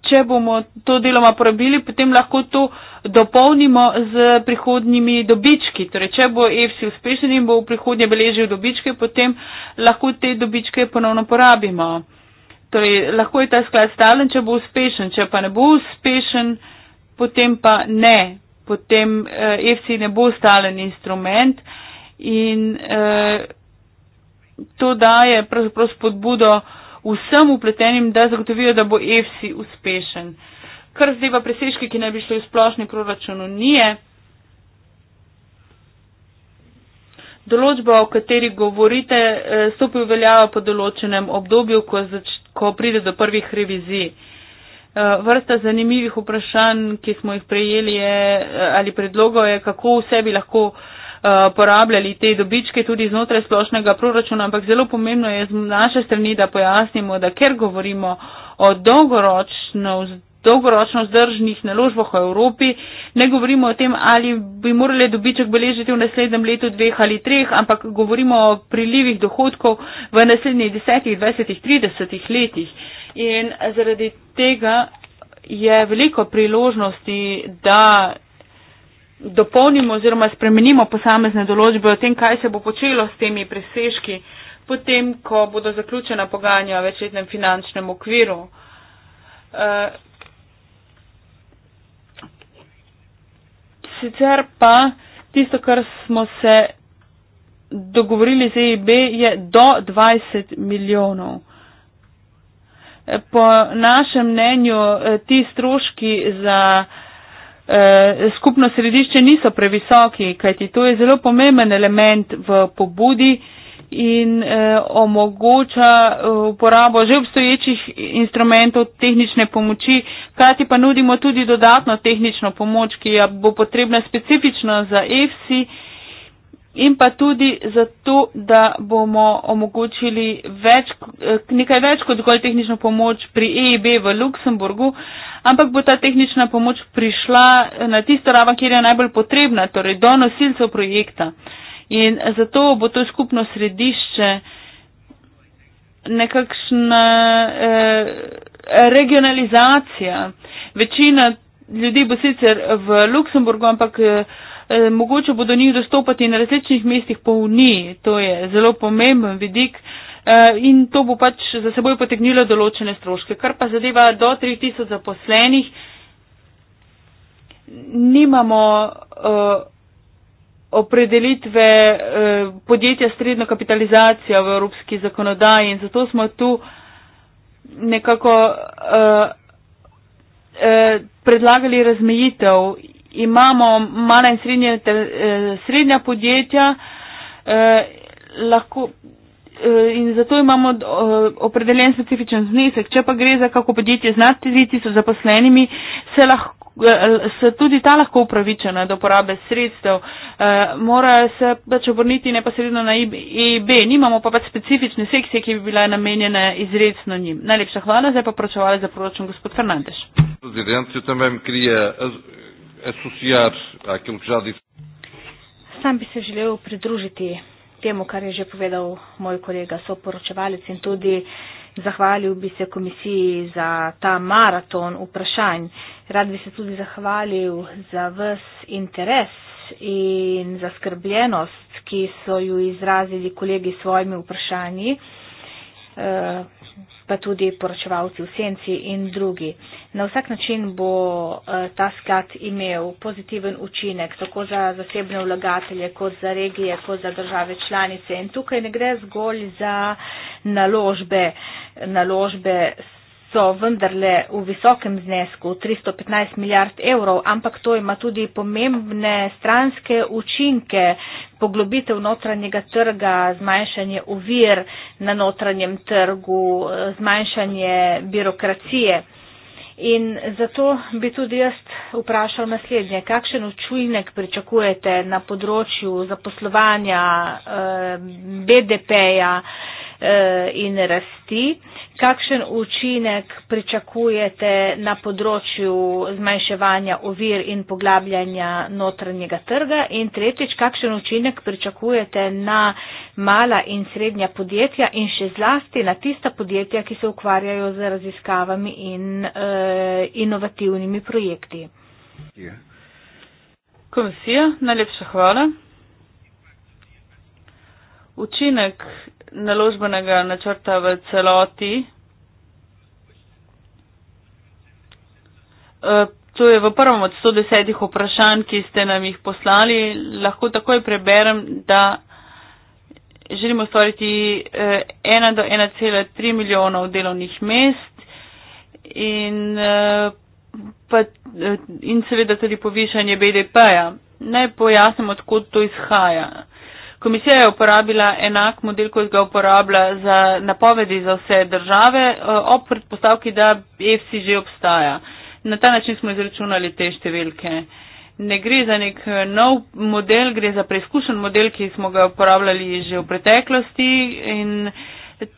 če bomo to deloma porabili, potem lahko to dopolnimo z prihodnjimi dobički. Torej, če bo EFSI uspešen in bo v prihodnje beležil dobičke, potem lahko te dobičke ponovno porabimo. Torej, lahko je ta sklad stalen, če bo uspešen, če pa ne bo uspešen, potem pa ne. Potem eh, EFSI ne bo stalen instrument in eh, to daje pravzaprav spodbudo eh, vsem upletenim, da zagotovijo, da bo EFSI uspešen. Kar zdaj pa presežki, ki naj bi šli v splošni proračun, unije. Določba, o kateri govorite, eh, stopi v veljavo po določenem obdobju, ko, zač, ko pride do prvih revizij. Eh, vrsta zanimivih vprašanj, ki smo jih prejeli, je, eh, ali predlogov je, kako vse bi lahko uh, Eh, porabljali te dobičke tudi znotraj splošnega proračuna, ampak zelo pomembno je z naše strani, da pojasnimo, da ker govorimo o dolgoročno, dolgoročno zdržnih naložbah v Evropi, ne govorimo o tem, ali bi morali dobiček beležiti v naslednjem letu, dveh ali treh, ampak govorimo o prilivih dohodkov v naslednjih desetih, dvajsetih, tridesetih letih. In zaradi tega je veliko priložnosti, da dopolnimo oziroma spremenimo posamezne določbe o tem, kaj se bo počelo s temi presežki, potem, ko bodo zaključena pogajanja o večletnem finančnem okviru. Eh, sicer pa tisto, kar smo se dogovorili z EIB, je do 20 milijonov. Eh, po našem mnenju eh, ti stroški za eh, skupno središče niso previsoki, kajti to je zelo pomemben element v pobudi in eh, omogoča eh, uporabo že obstoječih instrumentov tehnične pomoči, krati pa nudimo tudi dodatno tehnično pomoč, ki bo potrebna specifično za EFSI in pa tudi zato, da bomo omogočili več, eh, nekaj več kot zgolj tehnično pomoč pri EIB v Luksemburgu, ampak bo ta tehnična pomoč prišla na tisto raven, kjer je najbolj potrebna, torej do nosilcev projekta. In zato bo to skupno središče nekakšna eh, regionalizacija. Večina ljudi bo sicer v Luksemburgu, ampak. Eh, eh Mogoče bodo do njih dostopati na različnih mestih po Uniji. To je zelo pomemben vidik, eh, Eh, in to bo pač za seboj potegnilo določene stroške, kar pa zadeva do 3000 zaposlenih. Nimamo uh, opredelitve uh, podjetja sredno kapitalizacijo v evropski zakonodaji in zato smo tu nekako uh, uh, predlagali razmejitev. Imamo mala in srednja, te, eh, srednja podjetja, eh, lahko Eh, in zato imamo eh, opredeljen specifičen znesek. Če pa gre za kako podjetje z nad 3000 zaposlenimi, se, lahko, eh, se tudi ta lahko upravičena do porabe sredstev. Mora se pač obrniti neposredno na EIB. E Nimamo pa pač specifične sekcije, ki bi bila namenjena izredno njim. Najlepša hvala, zdaj pa pročevala za proračun gospod Fernandeš. Sam bi se želel pridružiti temu, kar je že povedal moj kolega soporočevalec in tudi zahvalil bi se komisiji za ta maraton vprašanj. Rad bi se tudi zahvalil za vse interes in za skrbljenost, ki so jo izrazili kolegi s svojimi vprašanji. Uh, pa tudi poročevalci v senci in drugi. Na vsak način bo eh, ta sklad imel pozitiven učinek tako za zasebne vlagatelje, kot za regije, kot za države članice. In tukaj ne gre zgolj za naložbe, naložbe s so vendarle v visokem znesku 315 milijard evrov, ampak to ima tudi pomembne stranske učinke, poglobitev notranjega trga, zmanjšanje uvir na notranjem trgu, zmanjšanje birokracije. In zato bi tudi jaz vprašal naslednje, kakšen učinek pričakujete na področju zaposlovanja, eh, BDP-ja eh, in rasti? Kakšen učinek pričakujete na področju zmanjševanja ovir in poglabljanja notranjega trga? In tretjič, kakšen učinek pričakujete na mala in srednja podjetja in še zlasti na tista podjetja, ki se ukvarjajo z raziskavami in e, inovativnimi projekti? Komisija, najlepša hvala. Učinek naložbenega načrta v celoti. E, to je v prvem od 110 vprašanj, ki ste nam jih poslali. Lahko takoj preberem, da želimo stvariti 1 e, do 1,3 milijonov delovnih mest in, e, pa, in seveda tudi povišanje BDP-ja. Naj pojasnim, odkud to izhaja. Komisija je uporabila enak model, kot ga uporablja za napovedi za vse države, eh, ob predpostavki, da EFSI že obstaja. Na ta način smo izračunali te številke. Ne gre za nek eh, nov model, gre za preizkušen model, ki smo ga uporabljali že v preteklosti in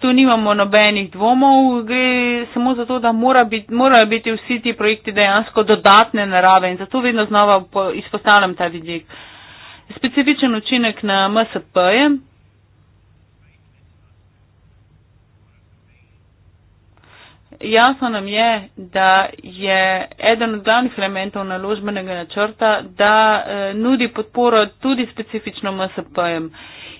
tu nimamo nobenih dvomov, gre samo za to, da mora bit, morajo biti vsi ti projekti dejansko dodatne narave in zato vedno znova izpostavljam ta vidik. Uh, specifičen učinek na MSP-je. Jasno nam je, da je eden od glavnih elementov naložbenega načrta, da eh, nudi podporo tudi specifično MSP-jem.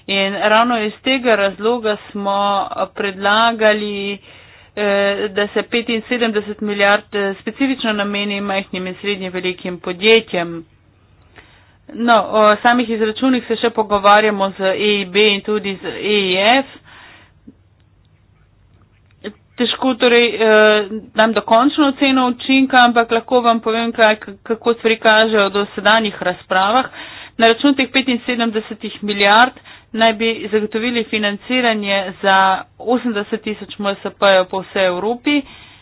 In ravno iz tega razloga smo eh, predlagali, eh, da se 75 milijard eh, specifično nameni majhnim in srednje velikim podjetjem. No, o samih izračunih se še pogovarjamo z EIB in tudi z EIF. Težko torej eh, dam dokončno oceno učinka, ampak lahko vam povem, kaj, kako stvari kažejo do sedanjih razpravah. Na račun teh 75 milijard naj bi zagotovili financiranje za 80 tisoč MSP-jev po vsej Evropi. Eh,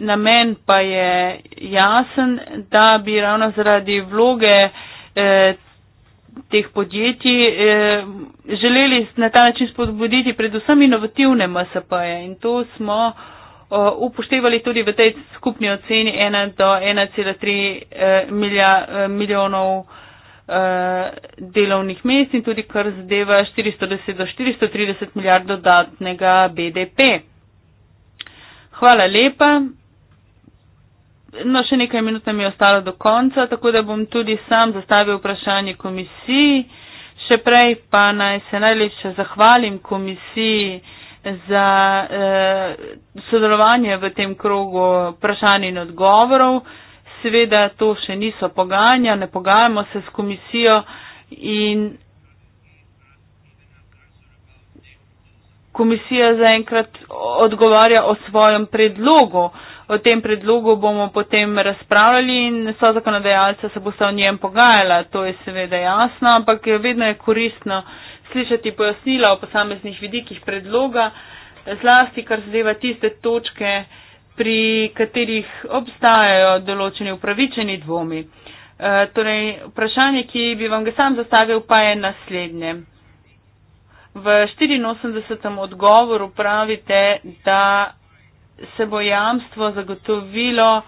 namen pa je jasen, da bi ravno zaradi vloge eh, teh podjetij eh, želeli na ta način spodbuditi predvsem inovativne MSP-je in to smo eh, upoštevali tudi v tej skupni oceni 1 do 1,3 milija, milijonov delovnih mest in tudi kar zadeva 410 do 430 milijard dodatnega BDP. Hvala lepa. No, še nekaj minut mi je ostalo do konca, tako da bom tudi sam zastavil vprašanje komisiji. Še prej pa naj se najlepše zahvalim komisiji za eh, sodelovanje v tem krogu vprašanj in odgovorov. Seveda to še niso pogajanja, ne pogajamo se s komisijo in komisija zaenkrat odgovarja o svojem predlogu. Eh, o tem predlogu bomo potem razpravljali in so zakonodajalce se bosta o njem pogajala. To je seveda jasno, ampak vedno je koristno slišati pojasnila o posameznih vidikih predloga, zlasti kar zadeva tiste točke, pri katerih obstajajo določeni upravičeni dvomi. E, torej, vprašanje, ki bi vam ga sam zastavil, pa je naslednje. V 84. odgovoru pravite, da se bo jamstvo zagotovilo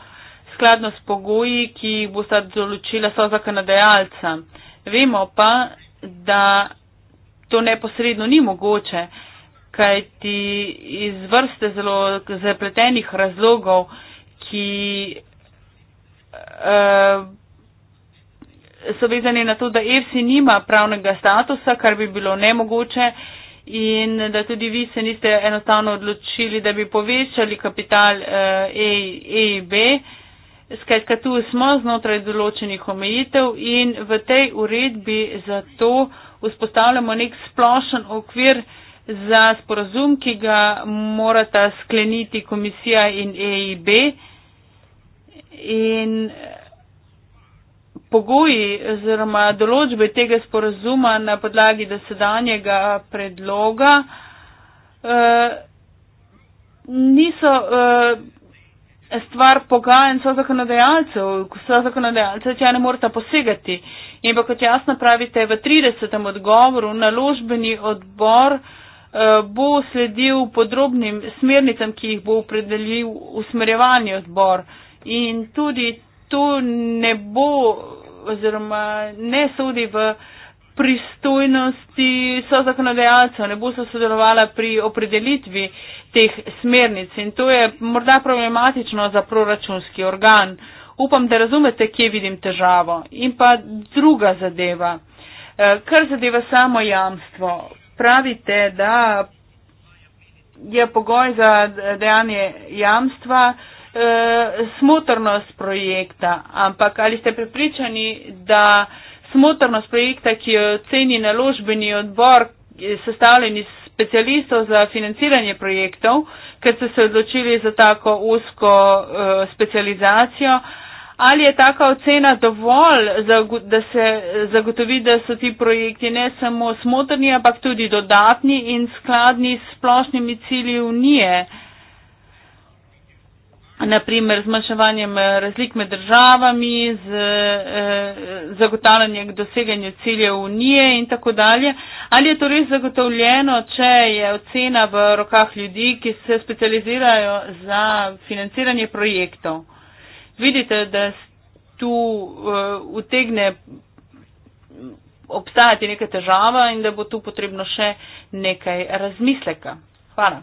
skladno s pogoji, ki jih bo sta določila so zakonodajalca. Vemo pa, da to neposredno ni mogoče, kajti iz vrste zelo zapletenih razlogov, ki uh, so vezani na to, da EFSI nima pravnega statusa, kar bi bilo nemogoče, uh, in da tudi vi se niste enostavno odločili, da bi povečali kapital EIB. Eh, e, e Skratka, tu smo znotraj določenih omejitev in v tej uredbi zato vzpostavljamo nek splošen okvir za sporazum, ki ga morata skleniti komisija in EIB. In pogoji oziroma določbe tega sporazuma na podlagi dosedanjega predloga eh, niso eh, stvar pogajanj so zakonodajalcev, so zakonodajalce, če ne morete posegati. In pa kot jasno pravite, v 30. odgovoru naložbeni odbor eh, bo sledil podrobnim smernicam, ki jih bo opredelil usmerjevanje odbor. In tudi to ne bo oziroma ne sodi v pristojnosti so zakonodajalcev, ne bo se sodelovala pri opredelitvi teh smernic in to je morda problematično za proračunski organ. Upam, da razumete, kje vidim težavo. In pa druga zadeva, eh, kar zadeva samo jamstvo. Pravite, da je pogoj za dejanje jamstva, Eh, smotrnost projekta, ampak ali ste pripričani, da smotrnost projekta, ki jo ceni naložbeni odbor, sestavljen iz specialistov za financiranje projektov, ker so se odločili za tako usko uh, eh, specializacijo, ali je taka ocena dovolj, za, da se zagotovi, da so ti projekti ne samo smotrni, ampak tudi dodatni in skladni s splošnimi cilji unije? Uh, naprimer zmanjševanjem eh, razlik med državami, z e, zagotavljanjem k doseganju ciljev unije in tako dalje. Ali je to res zagotovljeno, če je ocena v rokah ljudi, ki se specializirajo za financiranje projektov? Vidite, da tu e, utegne obstajati neka težava in da bo tu potrebno še nekaj razmisleka. Hvala.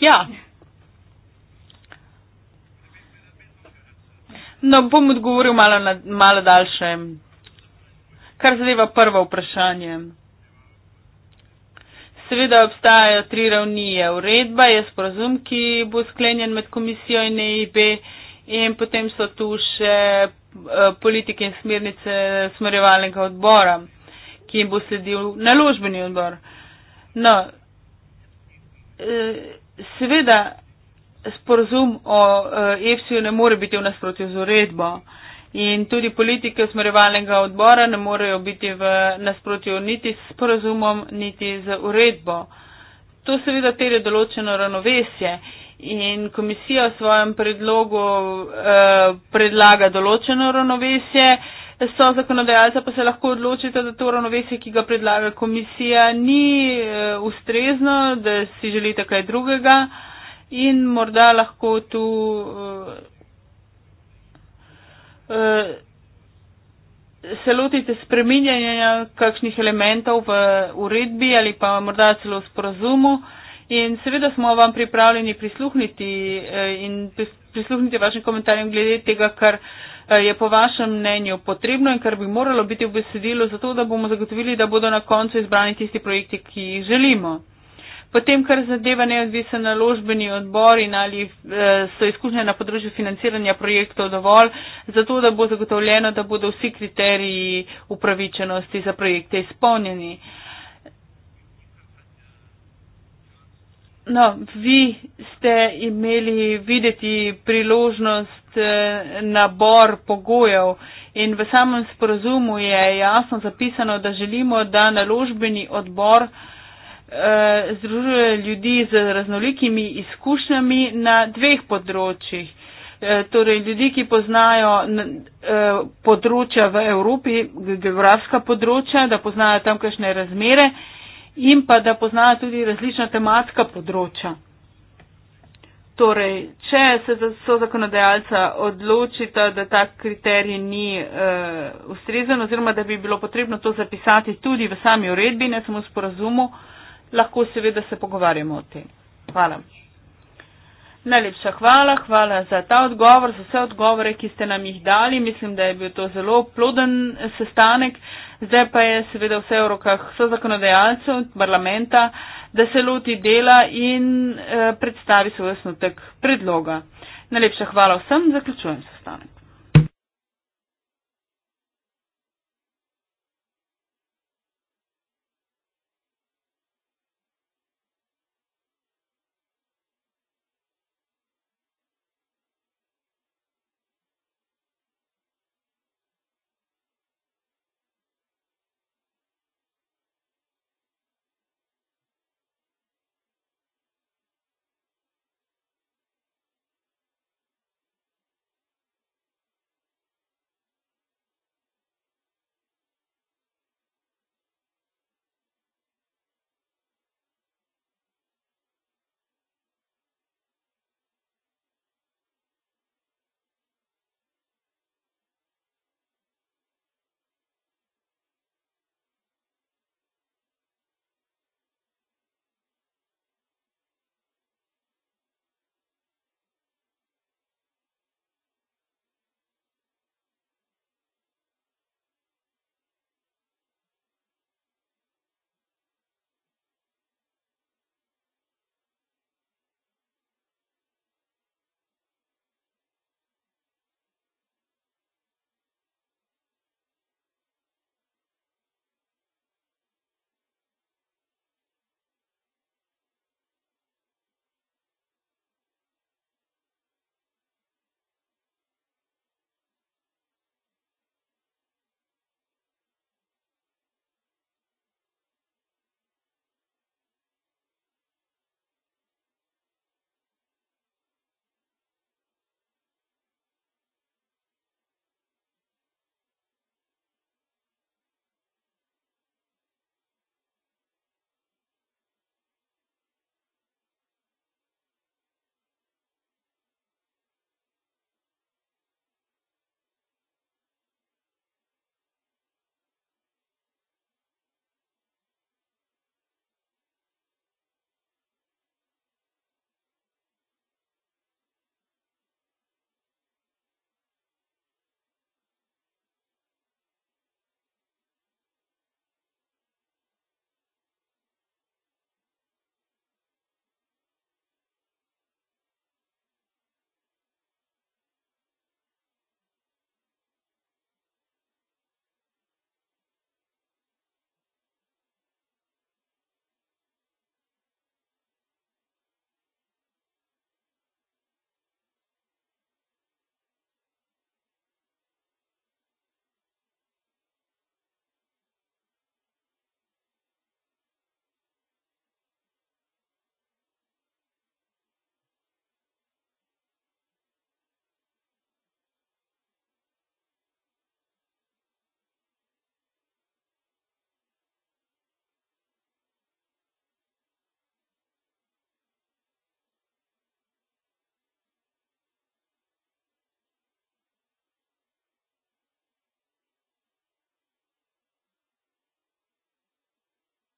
Ja. No, bom odgovoril malo, na, malo daljše, kar zadeva prvo vprašanje. Seveda obstajajo tri ravni. Uredba je sporazum, ki bo sklenjen med komisijo in EIB in potem so tu še e, politike in smernice smerjevalnega odbora, ki jim bo sledil naložbeni odbor. No, e, seveda sporozum o EFSI-ju eh, e ne more biti v nasprotju z uredbo in tudi politike usmerjevalnega odbora ne morejo biti v nasprotju niti s sporozumom, niti z uredbo. To seveda tere določeno ravnovesje in komisija v svojem predlogu eh, predlaga določeno ravnovesje. Eh, so zakonodajalca pa se lahko odločite, da to ravnovesje, ki ga predlaga komisija, ni eh, ustrezno, da si želite kaj drugega in morda lahko tu. Uh, se lotite spreminjanja kakšnih elementov v uredbi ali pa morda celo v sporazumu in seveda smo vam pripravljeni prisluhniti uh, in prisluhniti vašim komentarjem glede tega, kar uh, Eh, je po vašem mnenju potrebno in kar bi moralo biti v besedilu, zato da bomo zagotovili, da bodo na koncu izbrani tisti projekti, ki jih želimo. Potem, kar zadeva neodvisen naložbeni odbor in ali eh, so izkušnje na področju financiranja projektov dovolj, zato da bo zagotovljeno, da bodo vsi kriteriji upravičenosti za projekte izpolnjeni. Uh, No, vi ste imeli videti priložnost eh, nabor pogojev in v samem sporozumu je jasno zapisano, da želimo, da naložbeni odbor eh, združuje ljudi z raznolikimi izkušnjami na dveh področjih. Eh, torej ljudi, ki poznajo področja v Evropi, geografska področja, da poznajo tamkajšnje razmere in pa da poznajo tudi različna tematska področja. Torej, če se so zakonodajalca odločita, da ta kriterij ni e, ustrezen oziroma da bi bilo potrebno to zapisati tudi v sami uredbi, ne samo v sporazumu, lahko seveda se pogovarjamo o tem. Hvala. Najlepša hvala, hvala za ta odgovor, za vse odgovore, ki ste nam jih dali. Mislim, da je bil to zelo ploden sestanek. Zdaj pa je seveda vse v rokah so zakonodajalcev, parlamenta, da se loti dela in eh, predstavi svoj osnotek predloga. Najlepša hvala vsem, zaključujem sestanek.